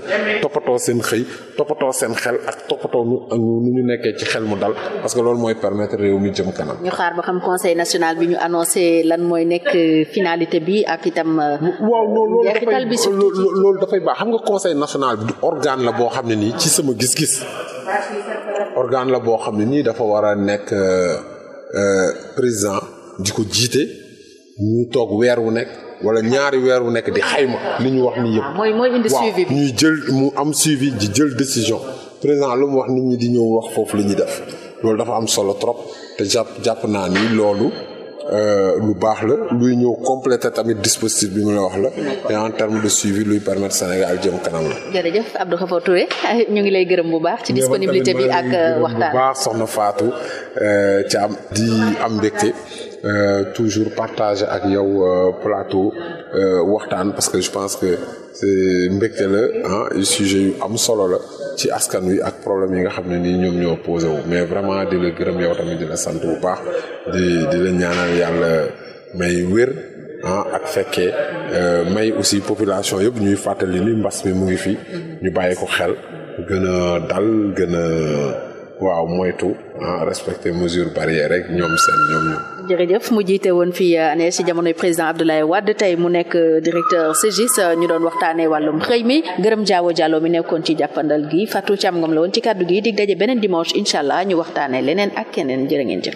toppatoo seen xëy toppatoo seen xel ak toppatoo nu nu ñu nekkee ci xel mu dal parce que loolu mooy permettre réew mi jëm kanam. ñu xaar ba xam conseil national bi ñu annoncé lan mooy nekk finalité bi ak itam. Euh, waaw loolu dafay loolu baax xam nga conseil national bi du organe la boo xam ne nii ci sama gis organe la boo xam ne nii dafa war a nekk euh, euh, président di ko jiite ñu toog weer wu nekk wala ñaari weer wu nekk di xayma li ñu wax nii yëpp. Ah, mooy mooy jël mu am suivi di jël décision président lu mu wax nit ñi di ñëw wax foofu la ñuy def loolu dafa am solo trop te jàpp jàpp naa ni loolu. Euh, lu baax la luy ñëw complété tamit dispositif bi mu la wax la et en terme de suivi luy permettre Sénégal jëm kanam la. jërëjëf Touré ñu ngi lay gërëm bu baax. ci disponibilité bi ak euh, waxtaan bu baax soxna Fatou Thiam euh, di am mbégte. Euh, toujours partage ak yow euh, plateau euh, waxtaan parce que je pense que c'est mbégte la ah sujet yu am solo la ci askan wi ak problème yi nga xam ne nii ñoom ñoo posé wu mais vraiment di la gërëm yow tamit di la sant bu baax di di la ñaanal yàlla may wér ah ak fekkee may aussi population yëpp ñuy fàttali ni mbas mi mu ngi fi ñu bàyyi ko xel gën a dal gën a waaw moytu ah, respecter mesure barrière rek ñoom seen ñoom ñoom. jërëjëf mu jiite woon fii ANEJ euh, si jamonoy président Abdoulaye Wade tey mu nekk euh, directeur CGIS euh, ñu doon waxtaanee wàllum xëy mi gërëm jaawo jàllo mi nekkoon ci jàppandal gi Fatou Thiam Ngom la woon ci kàddu gi dig daje beneen dimanche incha allah ñu waxtaanee leneen ak keneen jërë ngeen jëf.